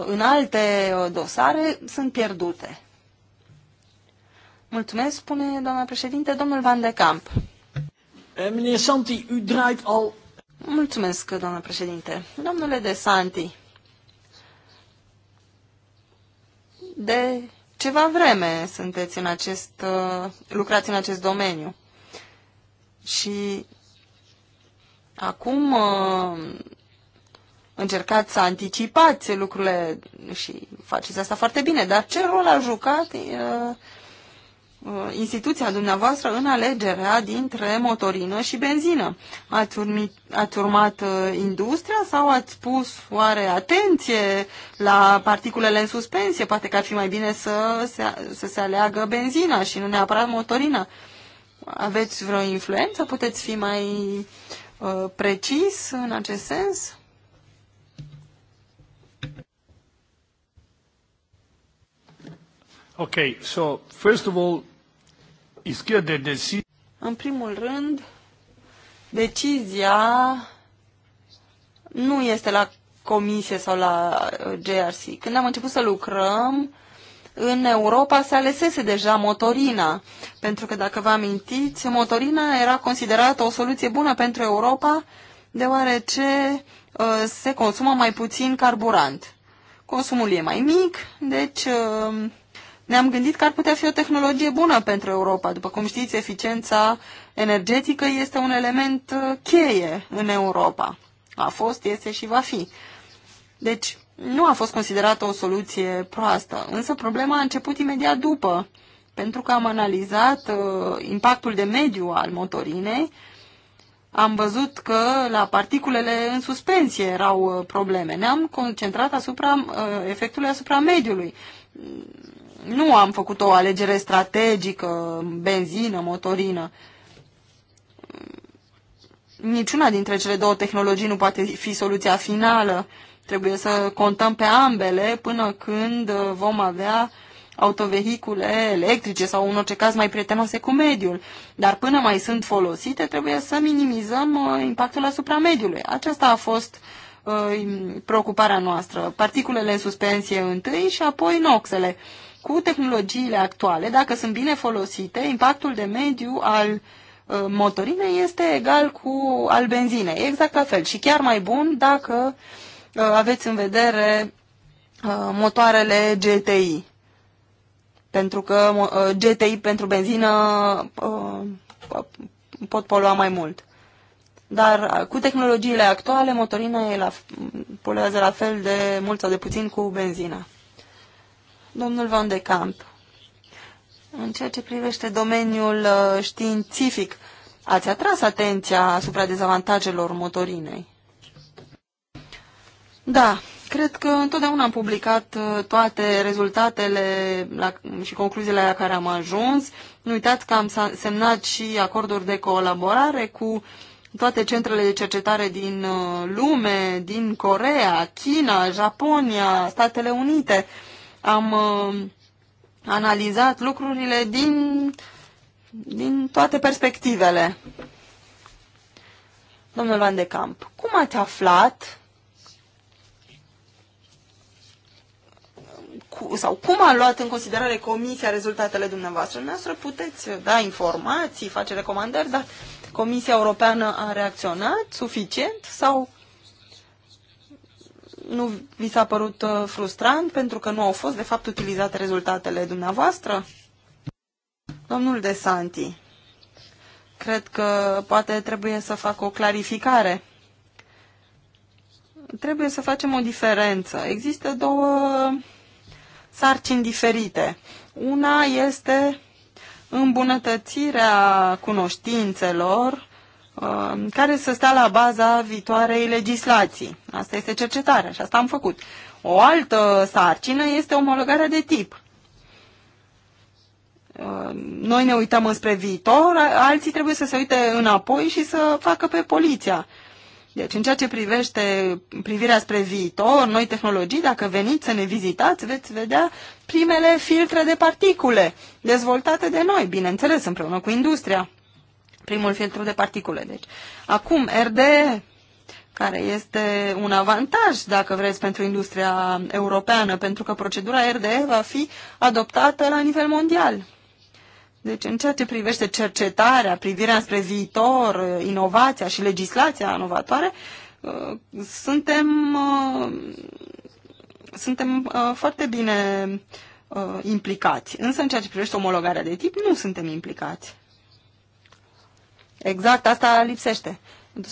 în alte dosare, sunt pierdute. Mulțumesc, spune doamna președinte, domnul Van de Camp. Eh, meneer Santi, u draait al... Mulțumesc, doamna președinte. Domnule de Santi, de ceva vreme sunteți în acest, uh, lucrați în acest domeniu. Și acum uh, încercați să anticipați lucrurile și faceți asta foarte bine, dar ce rol a jucat uh, Uh, instituția dumneavoastră în alegerea dintre motorină și benzină. Ați, urmit, ați urmat uh, industria sau ați pus oare atenție la particulele în suspensie? Poate că ar fi mai bine să se, să se aleagă benzina și nu neapărat motorina. Aveți vreo influență? Puteți fi mai uh, precis în acest sens? Okay, so first of all, în primul rând, decizia nu este la comisie sau la GRC. Uh, Când am început să lucrăm, în Europa se alesese deja motorina, pentru că, dacă vă amintiți, motorina era considerată o soluție bună pentru Europa, deoarece uh, se consumă mai puțin carburant. Consumul e mai mic, deci uh, ne-am gândit că ar putea fi o tehnologie bună pentru Europa. După cum știți, eficiența energetică este un element uh, cheie în Europa. A fost, este și va fi. Deci, nu a fost considerată o soluție proastă, însă problema a început imediat după, pentru că am analizat uh, impactul de mediu al motorinei, am văzut că la particulele în suspensie erau uh, probleme. Ne-am concentrat asupra uh, efectului asupra mediului nu am făcut o alegere strategică, benzină, motorină. Niciuna dintre cele două tehnologii nu poate fi soluția finală. Trebuie să contăm pe ambele până când uh, vom avea autovehicule electrice sau în orice caz mai prietenoase cu mediul. Dar până mai sunt folosite, trebuie să minimizăm uh, impactul asupra mediului. Aceasta a fost uh, preocuparea noastră. Particulele în suspensie întâi și apoi noxele. Cu tehnologiile actuale, dacă sunt bine folosite, impactul de mediu al uh, motorinei este egal cu al benzinei, exact la fel și chiar mai bun dacă uh, aveți în vedere uh, motoarele GTI. Pentru că GTI pentru benzină pot polua mai mult. Dar cu tehnologiile actuale, motorina poluează la fel de mult sau de puțin cu benzina. Domnul Van de Camp, în ceea ce privește domeniul uh, științific, ați atras atenția asupra dezavantajelor motorinei. Da, cred că întotdeauna am publicat uh, toate rezultatele la, și concluziile la care am ajuns. Nu uitați că am semnat și acorduri de colaborare cu toate centrele de cercetare din uh, lume, din Corea, China, Japonia, Statele Unite am uh, analizat lucrurile din, din toate perspectivele. Domnul Van de Camp, cum ați aflat cu, sau cum a luat în considerare comisia rezultatele dumneavoastră? Dumneavoastră puteți uh, da informații, face recomandări, dar Comisia Europeană a reacționat suficient sau nu vi s-a părut uh, frustrant pentru că nu au fost, de fapt, utilizate rezultatele dumneavoastră? Domnul De Santi, cred că poate trebuie să fac o clarificare. Trebuie să facem o diferență. Există două sarcini diferite. Una este îmbunătățirea cunoștințelor Um, care să stea la baza viitoarei legislații. Asta este cercetarea și asta am făcut. O altă sarcină este omologarea de tip. Um, noi ne uităm înspre viitor, alții trebuie să se uite înapoi și să facă pe poliția. Deci, în ceea ce privește privirea spre viitor, noi tehnologii, dacă veniți să ne vizitați, veți vedea primele filtre de particule dezvoltate de noi, bineînțeles, împreună cu industria primul filtru de particule. Deci, acum, RDE, care este un avantaj, dacă vreți, pentru industria europeană, pentru că procedura RDE va fi adoptată la nivel mondial. Deci, în ceea ce privește cercetarea, privirea spre viitor, inovația și legislația inovatoare, uh, suntem, uh, suntem uh, foarte bine implicați. Însă, în ceea ce privește omologarea de tip, nu suntem implicați. Exact asta lipsește.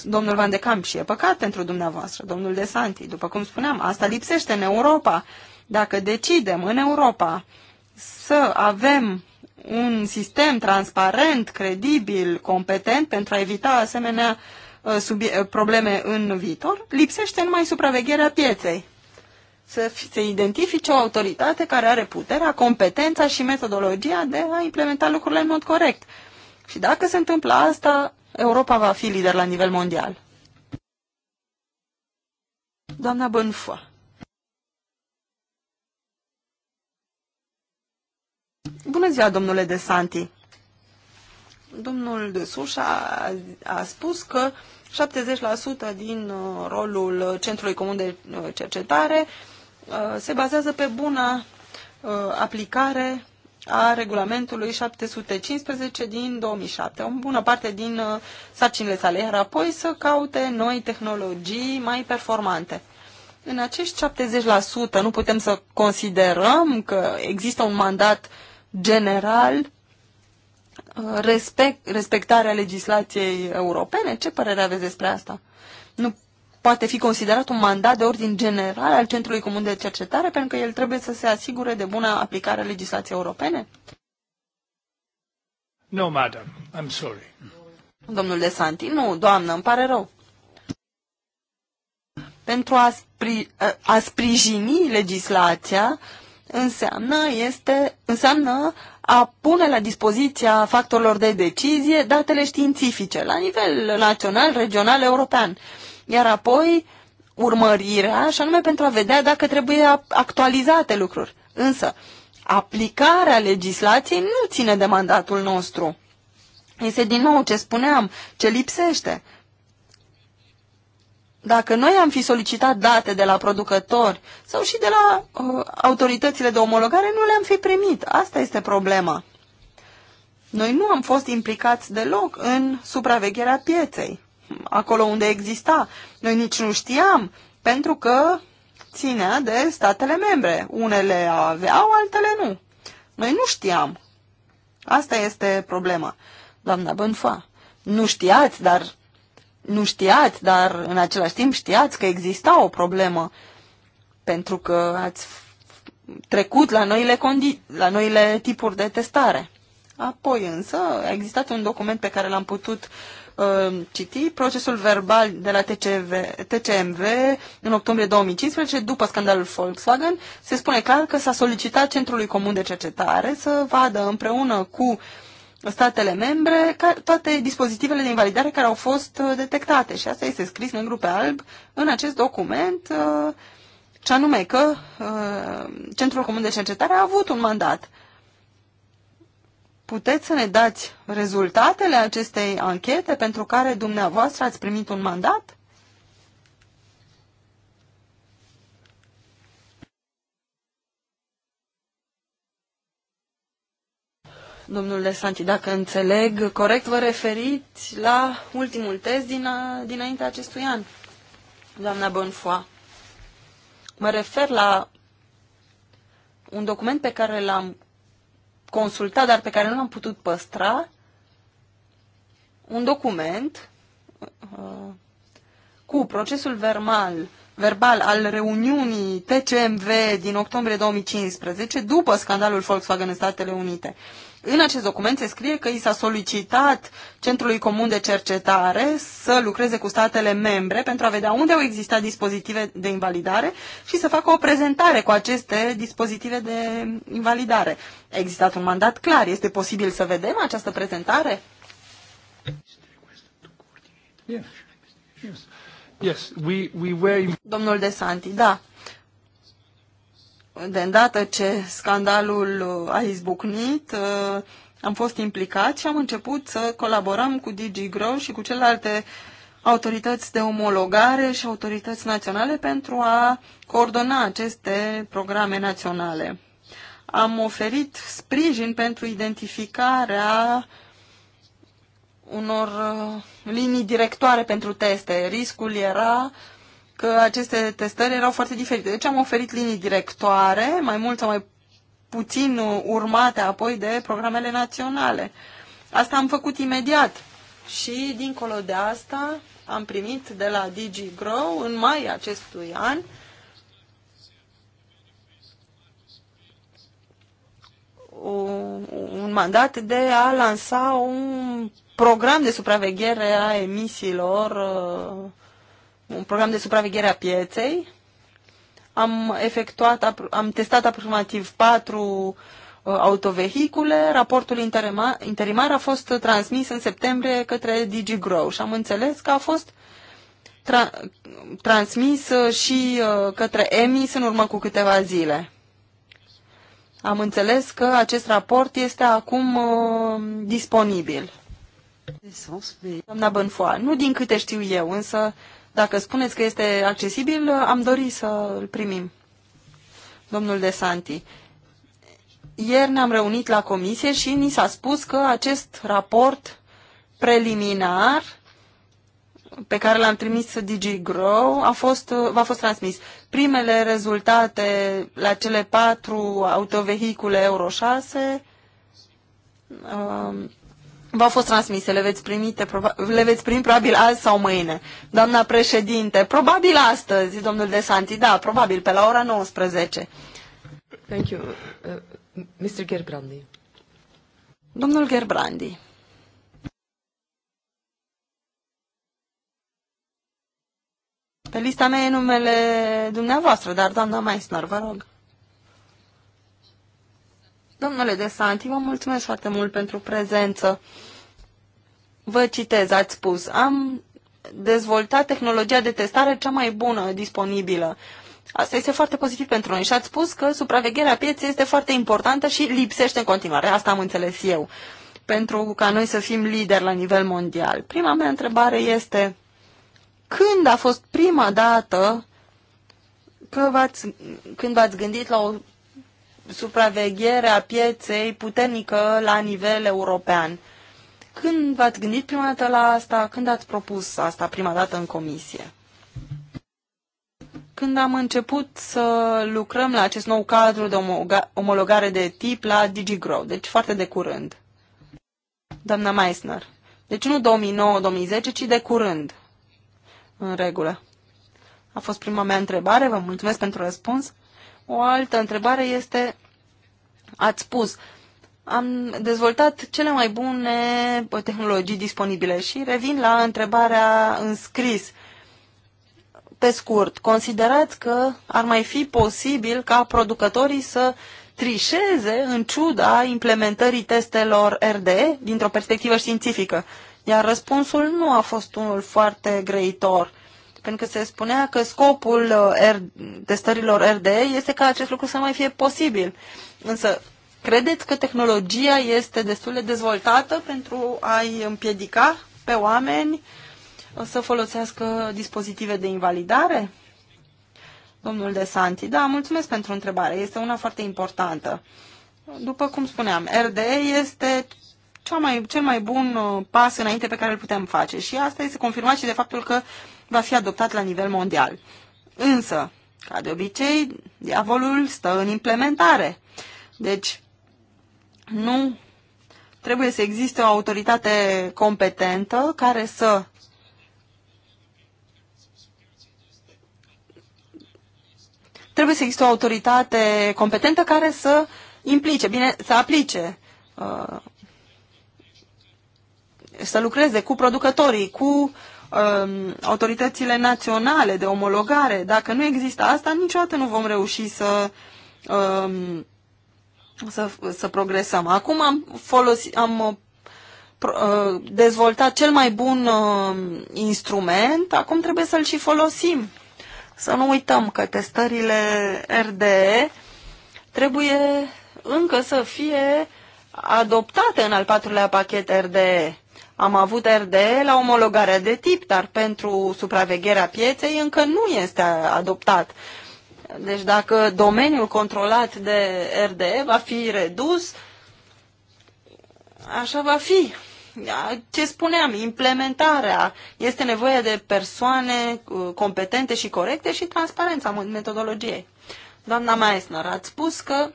Domnul Van de Camp și e păcat pentru dumneavoastră, domnul De Santi. După cum spuneam, asta lipsește în Europa. Dacă decidem în Europa să avem un sistem transparent, credibil, competent pentru a evita asemenea uh, uh, probleme în viitor, lipsește numai supravegherea pieței. Să se identifice o autoritate care are puterea, competența și metodologia de a implementa lucrurile în mod corect. Și dacă se întâmplă asta, Europa va fi lider la nivel mondial. Doamna Bănfă. Bună ziua, domnule De Santi. Domnul De Sușa a, spus că 70% din uh, rolul Centrului Comun de uh, Cercetare uh, se bazează pe bună aplicare a regulamentului 715 din 2007. O bună parte din uh, sarcinile sale, era apoi să caute noi tehnologii mai performante. În acești 70% nu putem să considerăm că există un mandat general uh, respect, respectarea legislației europene? Ce părere aveți despre asta? Nu poate fi considerat un mandat de ordin general al Centrului Comun de Cercetare pentru că el trebuie să se asigure de bună aplicare a legislației europene? No, madam, I'm sorry. Domnul De Santi, nu, doamnă, îmi pare rău. Pentru a, spri, a sprijini legislația înseamnă, este, înseamnă a pune la dispoziția factorilor de decizie datele științifice la nivel național, regional, european. Uh, iar apoi urmărirea, și anume pentru a vedea dacă trebuie actualizate lucruri. Însă, aplicarea legislației nu ține de mandatul nostru. Este din nou ce spuneam, ce lipsește. Dacă noi am fi solicitat date de la producători sau și de la uh, autoritățile de omologare, nu le-am fi primit. Asta este problema. Noi nu am fost implicați deloc în supravegherea pieței acolo unde exista. Noi nici nu știam, pentru că ținea de statele membre. Unele aveau, altele nu. Noi nu știam. Asta este problema. Doamna Bânfa, nu știați, dar nu știați, dar în același timp știați că exista o problemă pentru că ați trecut la noile, condi- la noile tipuri de testare. Apoi însă a existat un document pe care l-am putut Uh, citi procesul verbal de la TCV, TCMV în octombrie 2015, după scandalul Volkswagen, se spune clar că s-a solicitat Centrului Comun de Cercetare să vadă împreună cu statele membre toate dispozitivele de invalidare care au fost uh, detectate. Și asta este scris negru pe alb în acest document, uh, ce anume că Centrul Comun de Cercetare a avut un mandat Puteți să ne dați rezultatele acestei anchete pentru care dumneavoastră ați primit un mandat? Domnule Santi, dacă înțeleg corect, vă referiți la ultimul test din, dinaintea acestui an, doamna Bonfoa. Mă refer la un document pe care l-am consultat, dar pe care nu l-am putut păstra, un document uh, cu procesul verbal, verbal al reuniunii TCMV din octombrie 2015, după scandalul Volkswagen în Statele Unite. În acest document se scrie că i s-a solicitat Centrului Comun de Cercetare să lucreze cu statele membre pentru a vedea unde au existat dispozitive de invalidare și să facă o prezentare cu aceste dispozitive de invalidare. A existat un mandat clar. Este posibil să vedem această prezentare? Yes. Yes. We, we were... Domnul De Santi, da de îndată ce scandalul uh, a izbucnit, uh, am fost implicat și am început să colaborăm cu Grow și cu celelalte autorități de omologare și autorități naționale pentru a coordona aceste programe naționale. Am oferit sprijin pentru identificarea unor uh, linii directoare pentru teste. Riscul era uh, că aceste testări erau foarte diferite. Deci am oferit linii directoare, mai mult sau mai puțin urmate apoi de programele naționale. Asta am făcut imediat. Și dincolo de asta am primit de la DigiGrow în mai acestui an un mandat de a lansa un program de supraveghere a emisiilor uh, un program de supraveghere a pieței. Am, efectuat, am testat aproximativ patru uh, autovehicule. Raportul interimar a fost transmis în septembrie către DigiGrow și am înțeles că a fost tra transmis uh, și uh, către EMIS în urmă cu câteva zile. Am înțeles că acest raport este acum uh, disponibil. Doamna Bănfoa, nu din câte știu eu, însă dacă spuneți că este accesibil, am dorit să îl primim. Domnul De Santi. Ieri ne-am reunit la comisie și ni s-a spus că acest raport preliminar pe care l-am trimis DigiGrow a fost, a fost transmis. Primele rezultate la cele patru autovehicule Euro 6 V-au fost transmise, le veți, primite, le veți primi probabil azi sau mâine. Doamna președinte, probabil astăzi, domnul Santi, da, probabil pe la ora 19. Thank you. Uh, Mr. Gerbrandi. Domnul Gerbrandi. Pe lista mea e numele dumneavoastră, dar doamna Meissner, vă rog. Domnule De Santi, vă mulțumesc foarte mult pentru prezență. Vă citez, ați spus, am dezvoltat tehnologia de testare cea mai bună disponibilă. Asta este foarte pozitiv pentru noi și ați spus că supravegherea pieței este foarte importantă și lipsește în continuare. Asta am înțeles eu, pentru ca noi să fim lideri la nivel mondial. Prima mea întrebare este, când a fost prima dată că v-ați, când v-ați gândit la o supraveghere a pieței puternică la nivel european. Când v-ați gândit prima dată la asta? Când ați propus asta prima dată în comisie? Când am început să lucrăm la acest nou cadru de omologare de tip la DigiGrow, deci foarte de curând. Doamna Meissner, deci nu 2009-2010, ci de curând. În regulă. A fost prima mea întrebare, vă mulțumesc pentru răspuns. O altă întrebare este, ați spus, am dezvoltat cele mai bune tehnologii disponibile și revin la întrebarea înscris. Pe scurt, considerați că ar mai fi posibil ca producătorii să trișeze în ciuda implementării testelor RDE dintr-o perspectivă științifică? Iar răspunsul nu a fost unul foarte greitor. Pentru că se spunea că scopul uh, testărilor RDE este ca acest lucru să mai fie posibil. Însă, credeți că tehnologia este destul de dezvoltată pentru a-i împiedica pe oameni uh, să folosească dispozitive de invalidare? Domnul De Santi, da, mulțumesc pentru întrebare. Este una foarte importantă. După cum spuneam, RDE este cea mai, cel mai bun uh, pas înainte pe care îl putem face și asta este confirmat și de faptul că va fi adoptat la nivel mondial. Însă, ca de obicei, diavolul stă în implementare. Deci, nu trebuie să existe o autoritate competentă care să trebuie să existe o autoritate competentă care să implice, bine, să aplice, uh, să lucreze cu producătorii, cu Um, autoritățile naționale de omologare. Dacă nu există asta, niciodată nu vom reuși să, um, să, să progresăm. Acum am, folosit, am uh, uh, dezvoltat cel mai bun um, instrument, acum trebuie să-l și folosim. Să nu uităm că testările RDE trebuie încă să fie adoptate în al patrulea pachet RDE. Am avut RDE la omologarea de tip, dar pentru supravegherea pieței încă nu este adoptat. Deci dacă domeniul controlat de RDE va fi redus, așa va fi. Ce spuneam, implementarea. Este nevoie de persoane uh, competente și corecte și transparența metodologiei. Doamna Maesner, ați spus că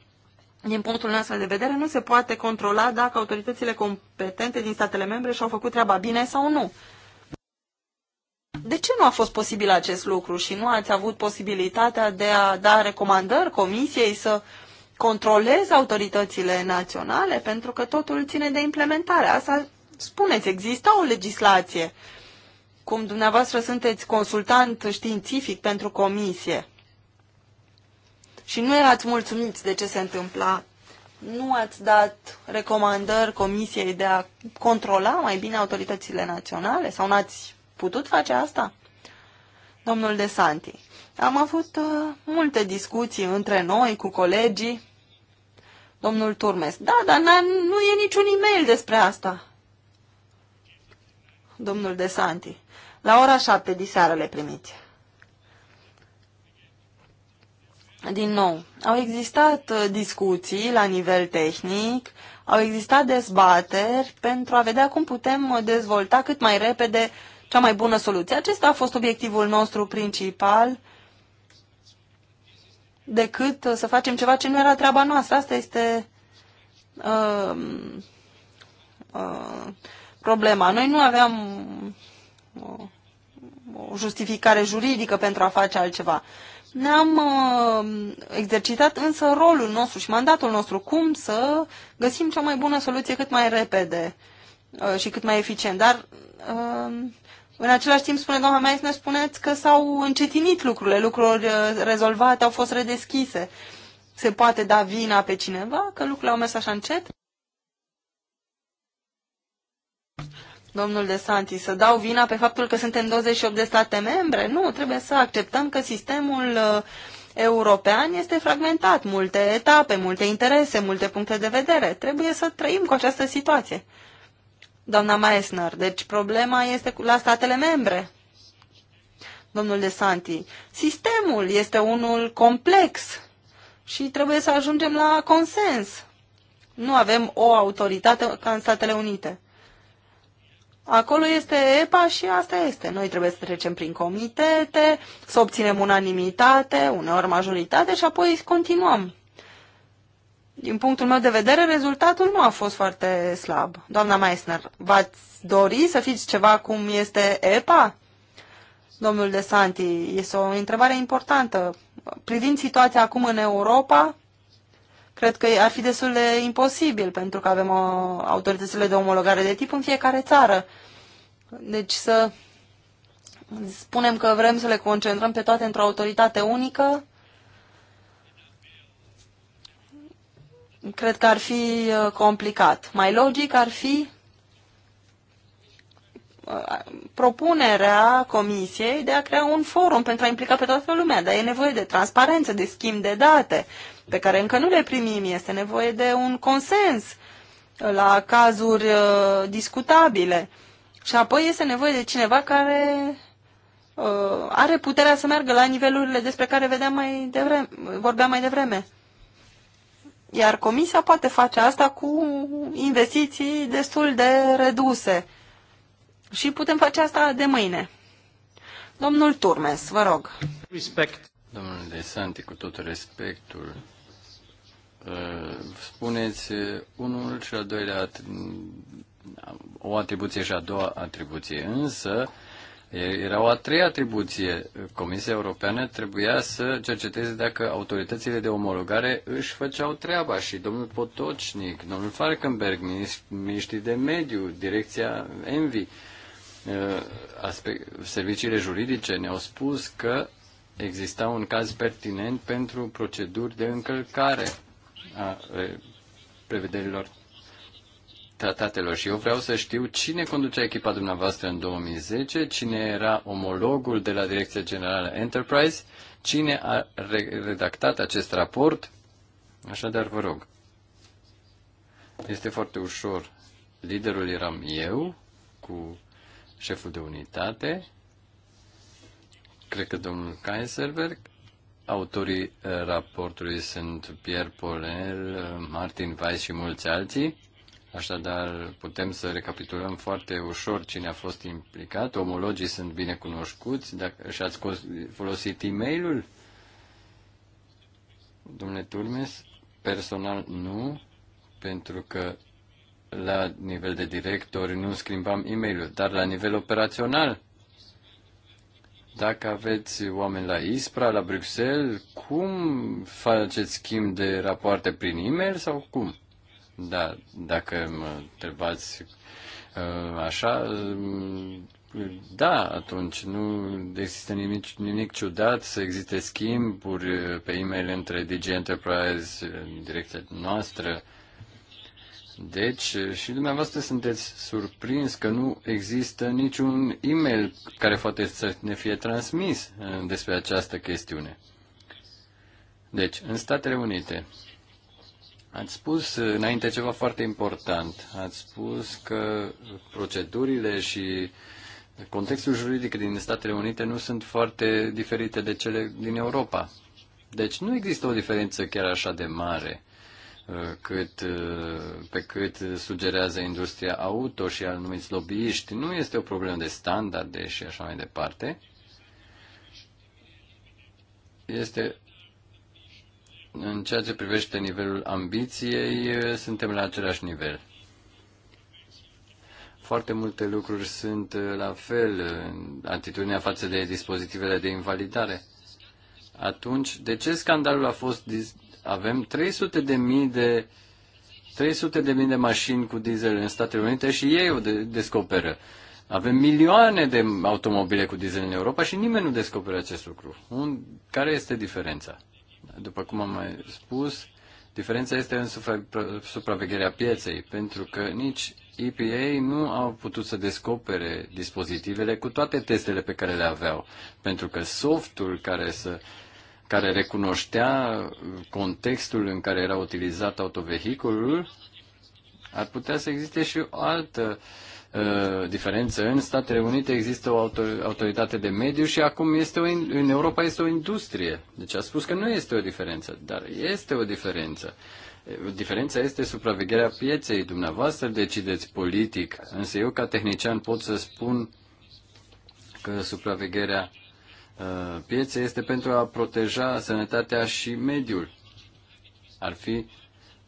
din punctul nostru de vedere, nu se poate controla dacă autoritățile competente din statele membre și-au făcut treaba bine sau nu. De ce nu a fost posibil acest lucru și nu ați avut posibilitatea de a da recomandări comisiei să controleze autoritățile naționale? Pentru că totul ține de implementare. Asta spuneți, există o legislație. Cum dumneavoastră sunteți consultant științific pentru comisie, și nu erați mulțumiți de ce se întâmpla, nu ați dat recomandări comisiei de a controla mai bine autoritățile naționale sau n-ați putut face asta? Domnul De Santi, am avut uh, multe discuții între noi, cu colegii. Domnul Turmes, da, dar nu e niciun e-mail despre asta. Domnul De Santi, la ora șapte diseară le primiți. din nou, au existat uh, discuții la nivel tehnic, au existat dezbateri pentru a vedea cum putem uh, dezvolta cât mai repede cea mai bună soluție. Acesta a fost obiectivul nostru principal decât uh, să facem ceva ce nu era treaba noastră. Asta este uh, uh, problema. Noi nu aveam uh, o justificare juridică pentru a face altceva. Uh, ne-am uh, exercitat însă rolul nostru și mandatul nostru, cum să găsim cea mai bună soluție cât mai repede uh, și cât mai eficient. Dar uh, în același timp, spune doamna Meis, ne spuneți că s-au încetinit lucrurile, lucruri uh, rezolvate au fost redeschise. Se poate da vina pe cineva că lucrurile au mers așa încet? domnul De Santi, să dau vina pe faptul că suntem 28 de state membre? Nu, trebuie să acceptăm că sistemul uh, european este fragmentat, multe etape, multe interese, multe puncte de vedere. Trebuie să trăim cu această situație. Doamna Maesner, deci problema este la statele membre. Domnul De Santi, sistemul este unul complex și trebuie să ajungem la consens. Nu avem o autoritate ca în Statele Unite. Acolo este EPA și asta este. Noi trebuie să trecem prin comitete, să obținem unanimitate, uneori majoritate și apoi continuăm. Din punctul meu de vedere, rezultatul nu a fost foarte slab. Doamna Meissner, v-ați dori să fiți ceva cum este EPA? Domnul De Santi, este o întrebare importantă. Privind situația acum în Europa, cred că ar fi destul de imposibil, pentru că avem o, uh, autoritățile de omologare de tip în fiecare țară. Deci să spunem că vrem să le concentrăm pe toate într-o autoritate unică, cred că ar fi uh, complicat. Mai logic ar fi uh, propunerea Comisiei de a crea un forum pentru a implica pe toată lumea, dar e nevoie de transparență, de schimb de date, pe care încă nu le primim. Este nevoie de un consens la cazuri uh, discutabile. Și apoi este nevoie de cineva care uh, are puterea să meargă la nivelurile despre care vedeam mai devreme, vorbeam mai devreme. Iar comisia poate face asta cu investiții destul de reduse. Și putem face asta de mâine. Domnul Turmes, vă rog. Respect. Domnul Desanti, cu tot respectul, spuneți unul și al doilea o atribuție și a doua atribuție, însă era o a treia atribuție. Comisia Europeană trebuia să cerceteze dacă autoritățile de omologare își făceau treaba și domnul Potocnic, domnul Falkenberg, miniștri de mediu, direcția Envi, serviciile juridice ne-au spus că exista un caz pertinent pentru proceduri de încălcare a prevederilor tratatelor și eu vreau să știu cine conducea echipa dumneavoastră în 2010, cine era omologul de la Direcția Generală Enterprise, cine a redactat acest raport. Așadar, vă rog. Este foarte ușor. Liderul eram eu cu șeful de unitate, cred că domnul Kaiserberg, Autorii eh, raportului sunt Pierre Ponel, eh, Martin Weiss și mulți alții. Așadar, putem să recapitulăm foarte ușor cine a fost implicat. Omologii sunt bine cunoscuți. Dacă și ați folosit e mail domnule Turmes, personal nu, pentru că la nivel de director nu schimbam e mail dar la nivel operațional dacă aveți oameni la ISPRA, la Bruxelles, cum faceți schimb de rapoarte prin e-mail sau cum? Da, dacă mă întrebați uh, așa, uh, da, atunci nu există nimic, nimic ciudat să existe schimburi pe e-mail între DG Enterprise, uh, direcția noastră, deci, eh, și dumneavoastră sunteți surprins că nu există niciun e-mail care poate să ne fie transmis eh, despre această chestiune. Deci, în Statele Unite, ați spus eh, înainte ceva foarte important. Ați spus că procedurile și contextul juridic din Statele Unite nu sunt foarte diferite de cele din Europa. Deci nu există o diferență chiar așa de mare Uh, cât, uh, pe cât sugerează industria auto și anumiți lobbyiști. Nu este o problemă de standarde și așa mai departe. Este în ceea ce privește nivelul ambiției, uh, suntem la același nivel. Foarte multe lucruri sunt la fel, atitudinea față de dispozitivele de invalidare. Atunci, de ce scandalul a fost avem 300 de mii de 300 de mii de mașini cu diesel în Statele Unite și ei o de- descoperă. Avem milioane de automobile cu diesel în Europa și nimeni nu descoperă acest lucru. Un, care este diferența? După cum am mai spus, diferența este în supravegherea pieței, pentru că nici EPA nu au putut să descopere dispozitivele cu toate testele pe care le aveau, pentru că softul care să care recunoștea contextul în care era utilizat autovehiculul, ar putea să existe și o altă uh, diferență. În Statele Unite există o autoritate de mediu și acum este o, în Europa este o industrie. Deci a spus că nu este o diferență, dar este o diferență. Diferența este supravegherea pieței. Dumneavoastră decideți politic, însă eu ca tehnician pot să spun că supravegherea Uh, piețe este pentru a proteja sănătatea și mediul. Ar fi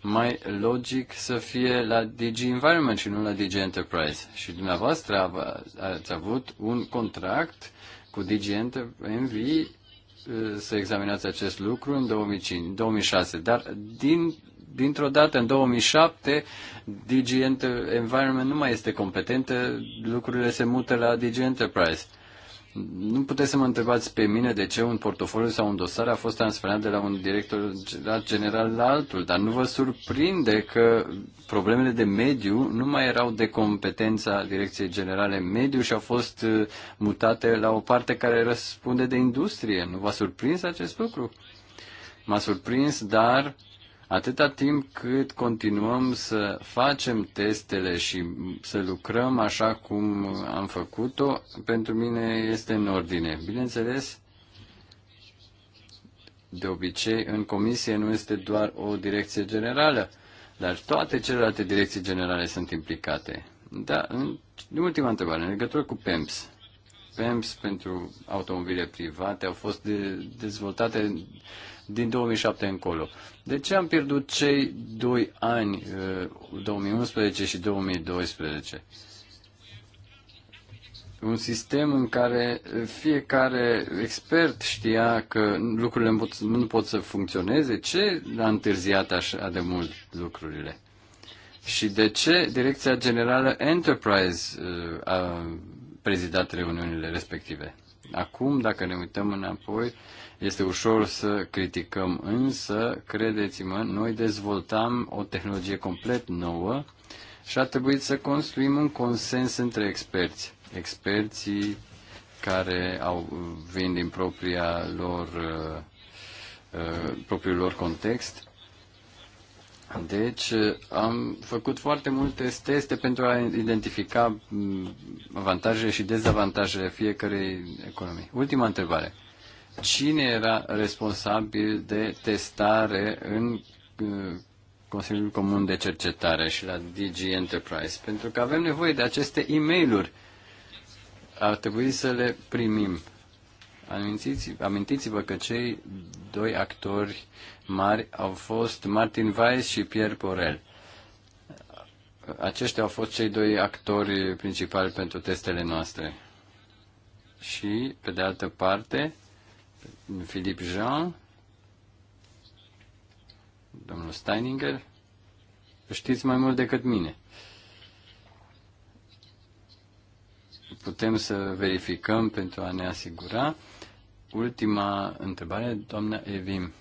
mai logic să fie la DG Environment și nu la DG Enterprise. Și dumneavoastră ați avut un contract cu DG Enterprise uh, să examinați acest lucru în 2005, 2006, dar din, dintr-o dată, în 2007, DG Environment nu mai este competentă, lucrurile se mută la DG Enterprise. Uh, nu puteți să mă întrebați pe mine de ce un portofoliu sau un dosar a fost transferat de la un director general la altul, dar nu vă surprinde că problemele de mediu nu mai erau de competența Direcției Generale Mediu și au fost uh, mutate la o parte care răspunde de industrie. Nu v-a surprins acest lucru? M-a surprins, dar Atâta timp cât continuăm să facem testele și să lucrăm așa cum am făcut-o, pentru mine este în ordine. Bineînțeles, de obicei, în comisie nu este doar o direcție generală, dar toate celelalte direcții generale sunt implicate. Da, în, ultima întrebare, în legătură cu PEMS. PEMS pentru automobile private au fost de, dezvoltate din 2007 încolo. De ce am pierdut cei doi ani, 2011 uh, și 2012? un sistem în care fiecare expert știa că lucrurile nu pot să funcționeze, ce a întârziat așa de mult lucrurile? Și de ce Direcția Generală Enterprise uh, a prezidat reuniunile respective? Acum, dacă ne uităm înapoi, este ușor să criticăm, însă, credeți-mă, noi dezvoltam o tehnologie complet nouă și a trebuit să construim un consens între experți. Experții care au vin din propria lor, uh, uh, propriul lor context. Deci uh, am făcut foarte multe teste pentru a identifica mm, avantajele și dezavantajele fiecarei economii. Ultima întrebare cine era responsabil de testare în uh, Consiliul Comun de Cercetare și la DG Enterprise, pentru că avem nevoie de aceste e mail Ar trebui să le primim. Amintiți, amintiți-vă că cei doi actori mari au fost Martin Weiss și Pierre Porel. Aceștia au fost cei doi actori principali pentru testele noastre. Și, pe de altă parte, Filip Jean, domnul Steininger, știți mai mult decât mine. Putem să verificăm pentru a ne asigura. Ultima întrebare, doamna Evim.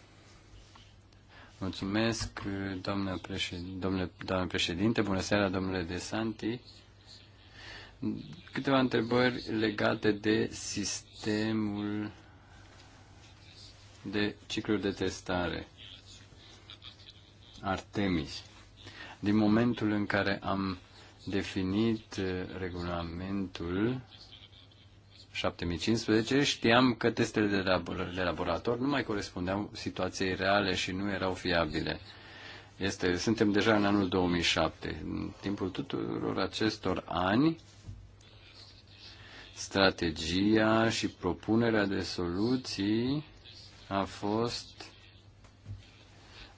Mulțumesc, doamnă președinte, domnule, doamnă președinte. Bună seara, domnule De Santi. Câteva întrebări legate de sistemul de cicluri de testare. Artemis. Din momentul în care am definit eh, regulamentul 7015, știam că testele de, de laborator nu mai corespundeau situației reale și nu erau fiabile. Este, suntem deja în anul 2007. În timpul tuturor acestor ani, strategia și propunerea de soluții a fost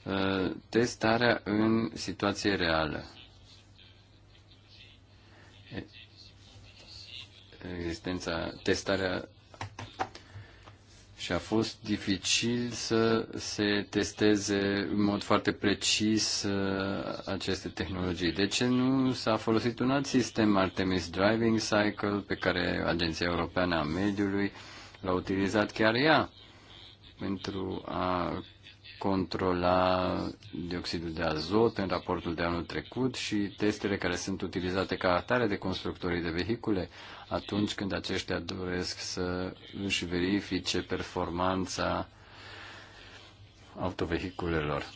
uh, testarea în situație reală. Existența, testarea și a fost dificil să se testeze în mod foarte precis uh, aceste tehnologii. De ce nu s-a folosit un alt sistem, Artemis Driving Cycle, pe care Agenția Europeană a Mediului l-a utilizat chiar ea? pentru a controla dioxidul de azot în raportul de anul trecut și testele care sunt utilizate ca atare de constructorii de vehicule atunci când aceștia doresc să își verifice performanța autovehiculelor.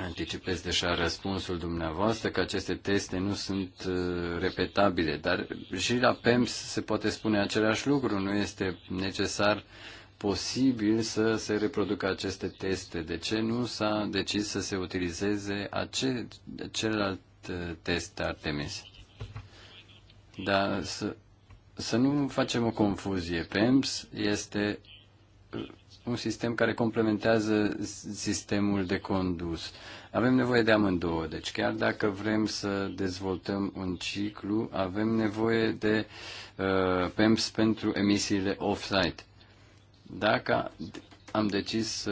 Anticipez deja răspunsul dumneavoastră că aceste teste nu sunt uh, repetabile, dar și la PEMS se poate spune același lucru, nu este necesar posibil să se reproducă aceste teste? De ce nu s-a decis să se utilizeze acel, celălalt uh, test Artemis? Dar să, să nu facem o confuzie. PEMS este uh, un sistem care complementează sistemul de condus. Avem nevoie de amândouă, deci chiar dacă vrem să dezvoltăm un ciclu, avem nevoie de uh, PEMS pentru emisiile off-site. Dacă am decis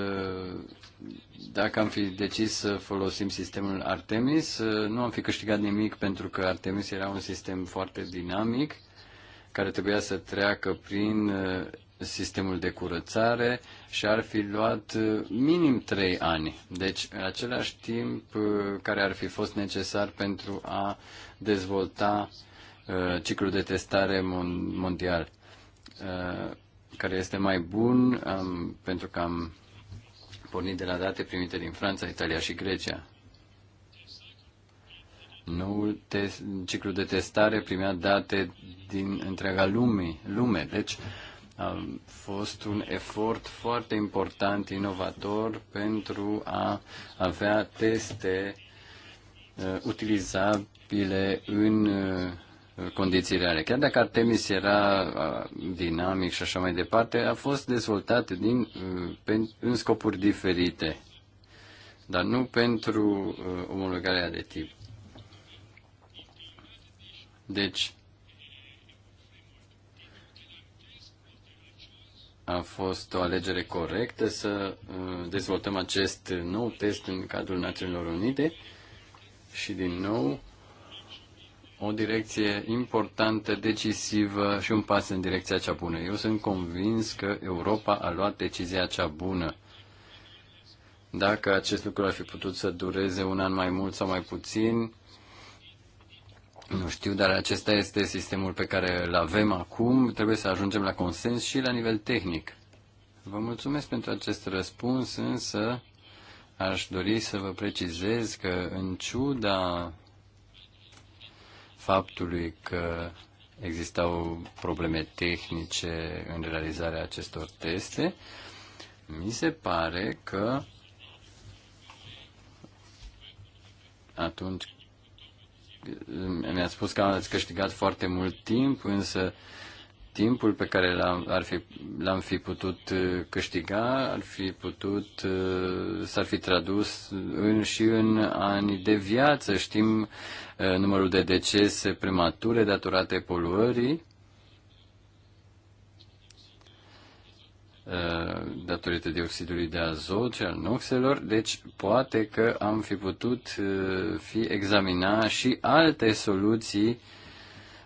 dacă am fi decis să folosim sistemul Artemis, nu am fi câștigat nimic pentru că Artemis era un sistem foarte dinamic care trebuia să treacă prin uh, sistemul de curățare și ar fi luat uh, minim 3 ani. Deci, același timp uh, care ar fi fost necesar pentru a dezvolta ciclul de testare mondial care este mai bun um, pentru că am pornit de la date primite din Franța, Italia și Grecia. Noul test, ciclu de testare primea date din întreaga lume, lume. Deci a fost un efort foarte important, inovator, pentru a avea teste uh, utilizabile în uh, condițiile ale. Chiar dacă Artemis era dinamic și așa mai departe, a fost dezvoltat din, uh, în scopuri diferite, dar nu pentru uh, omologarea de tip. Deci, a fost o alegere corectă să uh, dezvoltăm acest nou test în cadrul Națiunilor Unite și din nou o direcție importantă, decisivă și un pas în direcția cea bună. Eu sunt convins că Europa a luat decizia cea bună. Dacă acest lucru ar fi putut să dureze un an mai mult sau mai puțin, nu știu, dar acesta este sistemul pe care îl avem acum. Trebuie să ajungem la consens și la nivel tehnic. Vă mulțumesc pentru acest răspuns, însă aș dori să vă precizez că, în ciuda faptului că existau probleme tehnice în realizarea acestor teste, mi se pare că atunci mi-a spus că ați câștigat foarte mult timp, însă timpul pe care l-am, ar fi, l-am fi putut uh, câștiga ar fi putut, uh, s-ar fi tradus în și în ani de viață. Știm uh, numărul de decese premature datorate poluării, datorită dioxidului de azot și al noxelor, deci poate că am fi putut fi examina și alte soluții uh,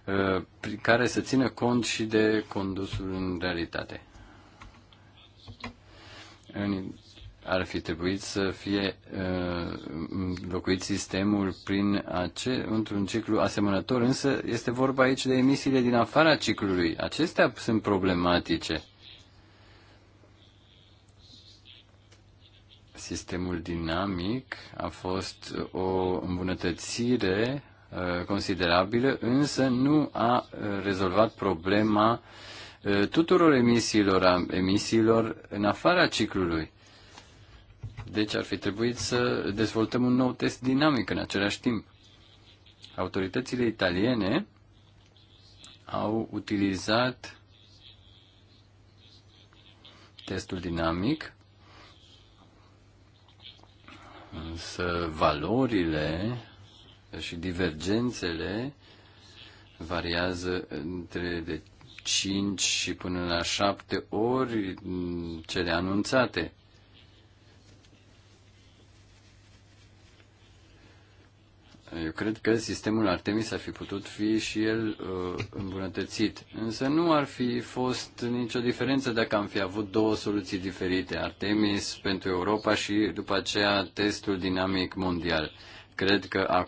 Uh, care să țină cont și de condusul în realitate. Ar fi trebuit să fie uh, locuit sistemul prin ace- într-un ciclu asemănător, însă este vorba aici de emisiile din afara ciclului. Acestea sunt problematice. sistemul dinamic a fost o îmbunătățire Uh, considerabilă, însă nu a uh, rezolvat problema uh, tuturor emisiilor, emisiilor în afara ciclului. Deci ar fi trebuit să dezvoltăm un nou test dinamic în același timp. Autoritățile italiene au utilizat testul dinamic, însă valorile și divergențele variază între de 5 și până la 7 ori cele anunțate. Eu cred că sistemul Artemis ar fi putut fi și el uh, îmbunătățit, însă nu ar fi fost nicio diferență dacă am fi avut două soluții diferite, Artemis pentru Europa și după aceea testul dinamic mondial. Cred că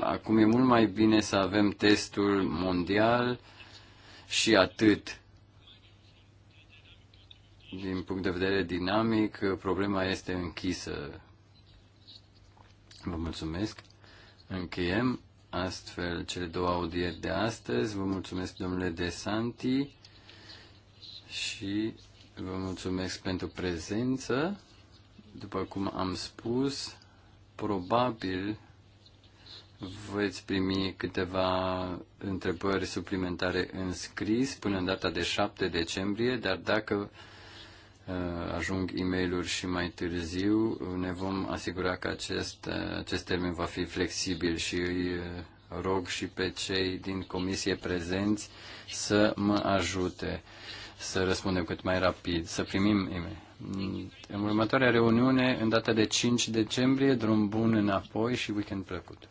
acum e mult mai bine să avem testul mondial și atât. Din punct de vedere dinamic, problema este închisă. Vă mulțumesc. Încheiem astfel cele două audieri de astăzi. Vă mulțumesc, domnule De Santi, și vă mulțumesc pentru prezență. După cum am spus, probabil veți primi câteva întrebări suplimentare în scris până în data de 7 decembrie, dar dacă uh, ajung e mail și mai târziu, ne vom asigura că acest, uh, acest termen va fi flexibil și îi uh, rog și pe cei din comisie prezenți să mă ajute să răspundem cât mai rapid, să primim e -mail. În următoarea reuniune, în data de 5 decembrie, drum bun înapoi și weekend plăcut.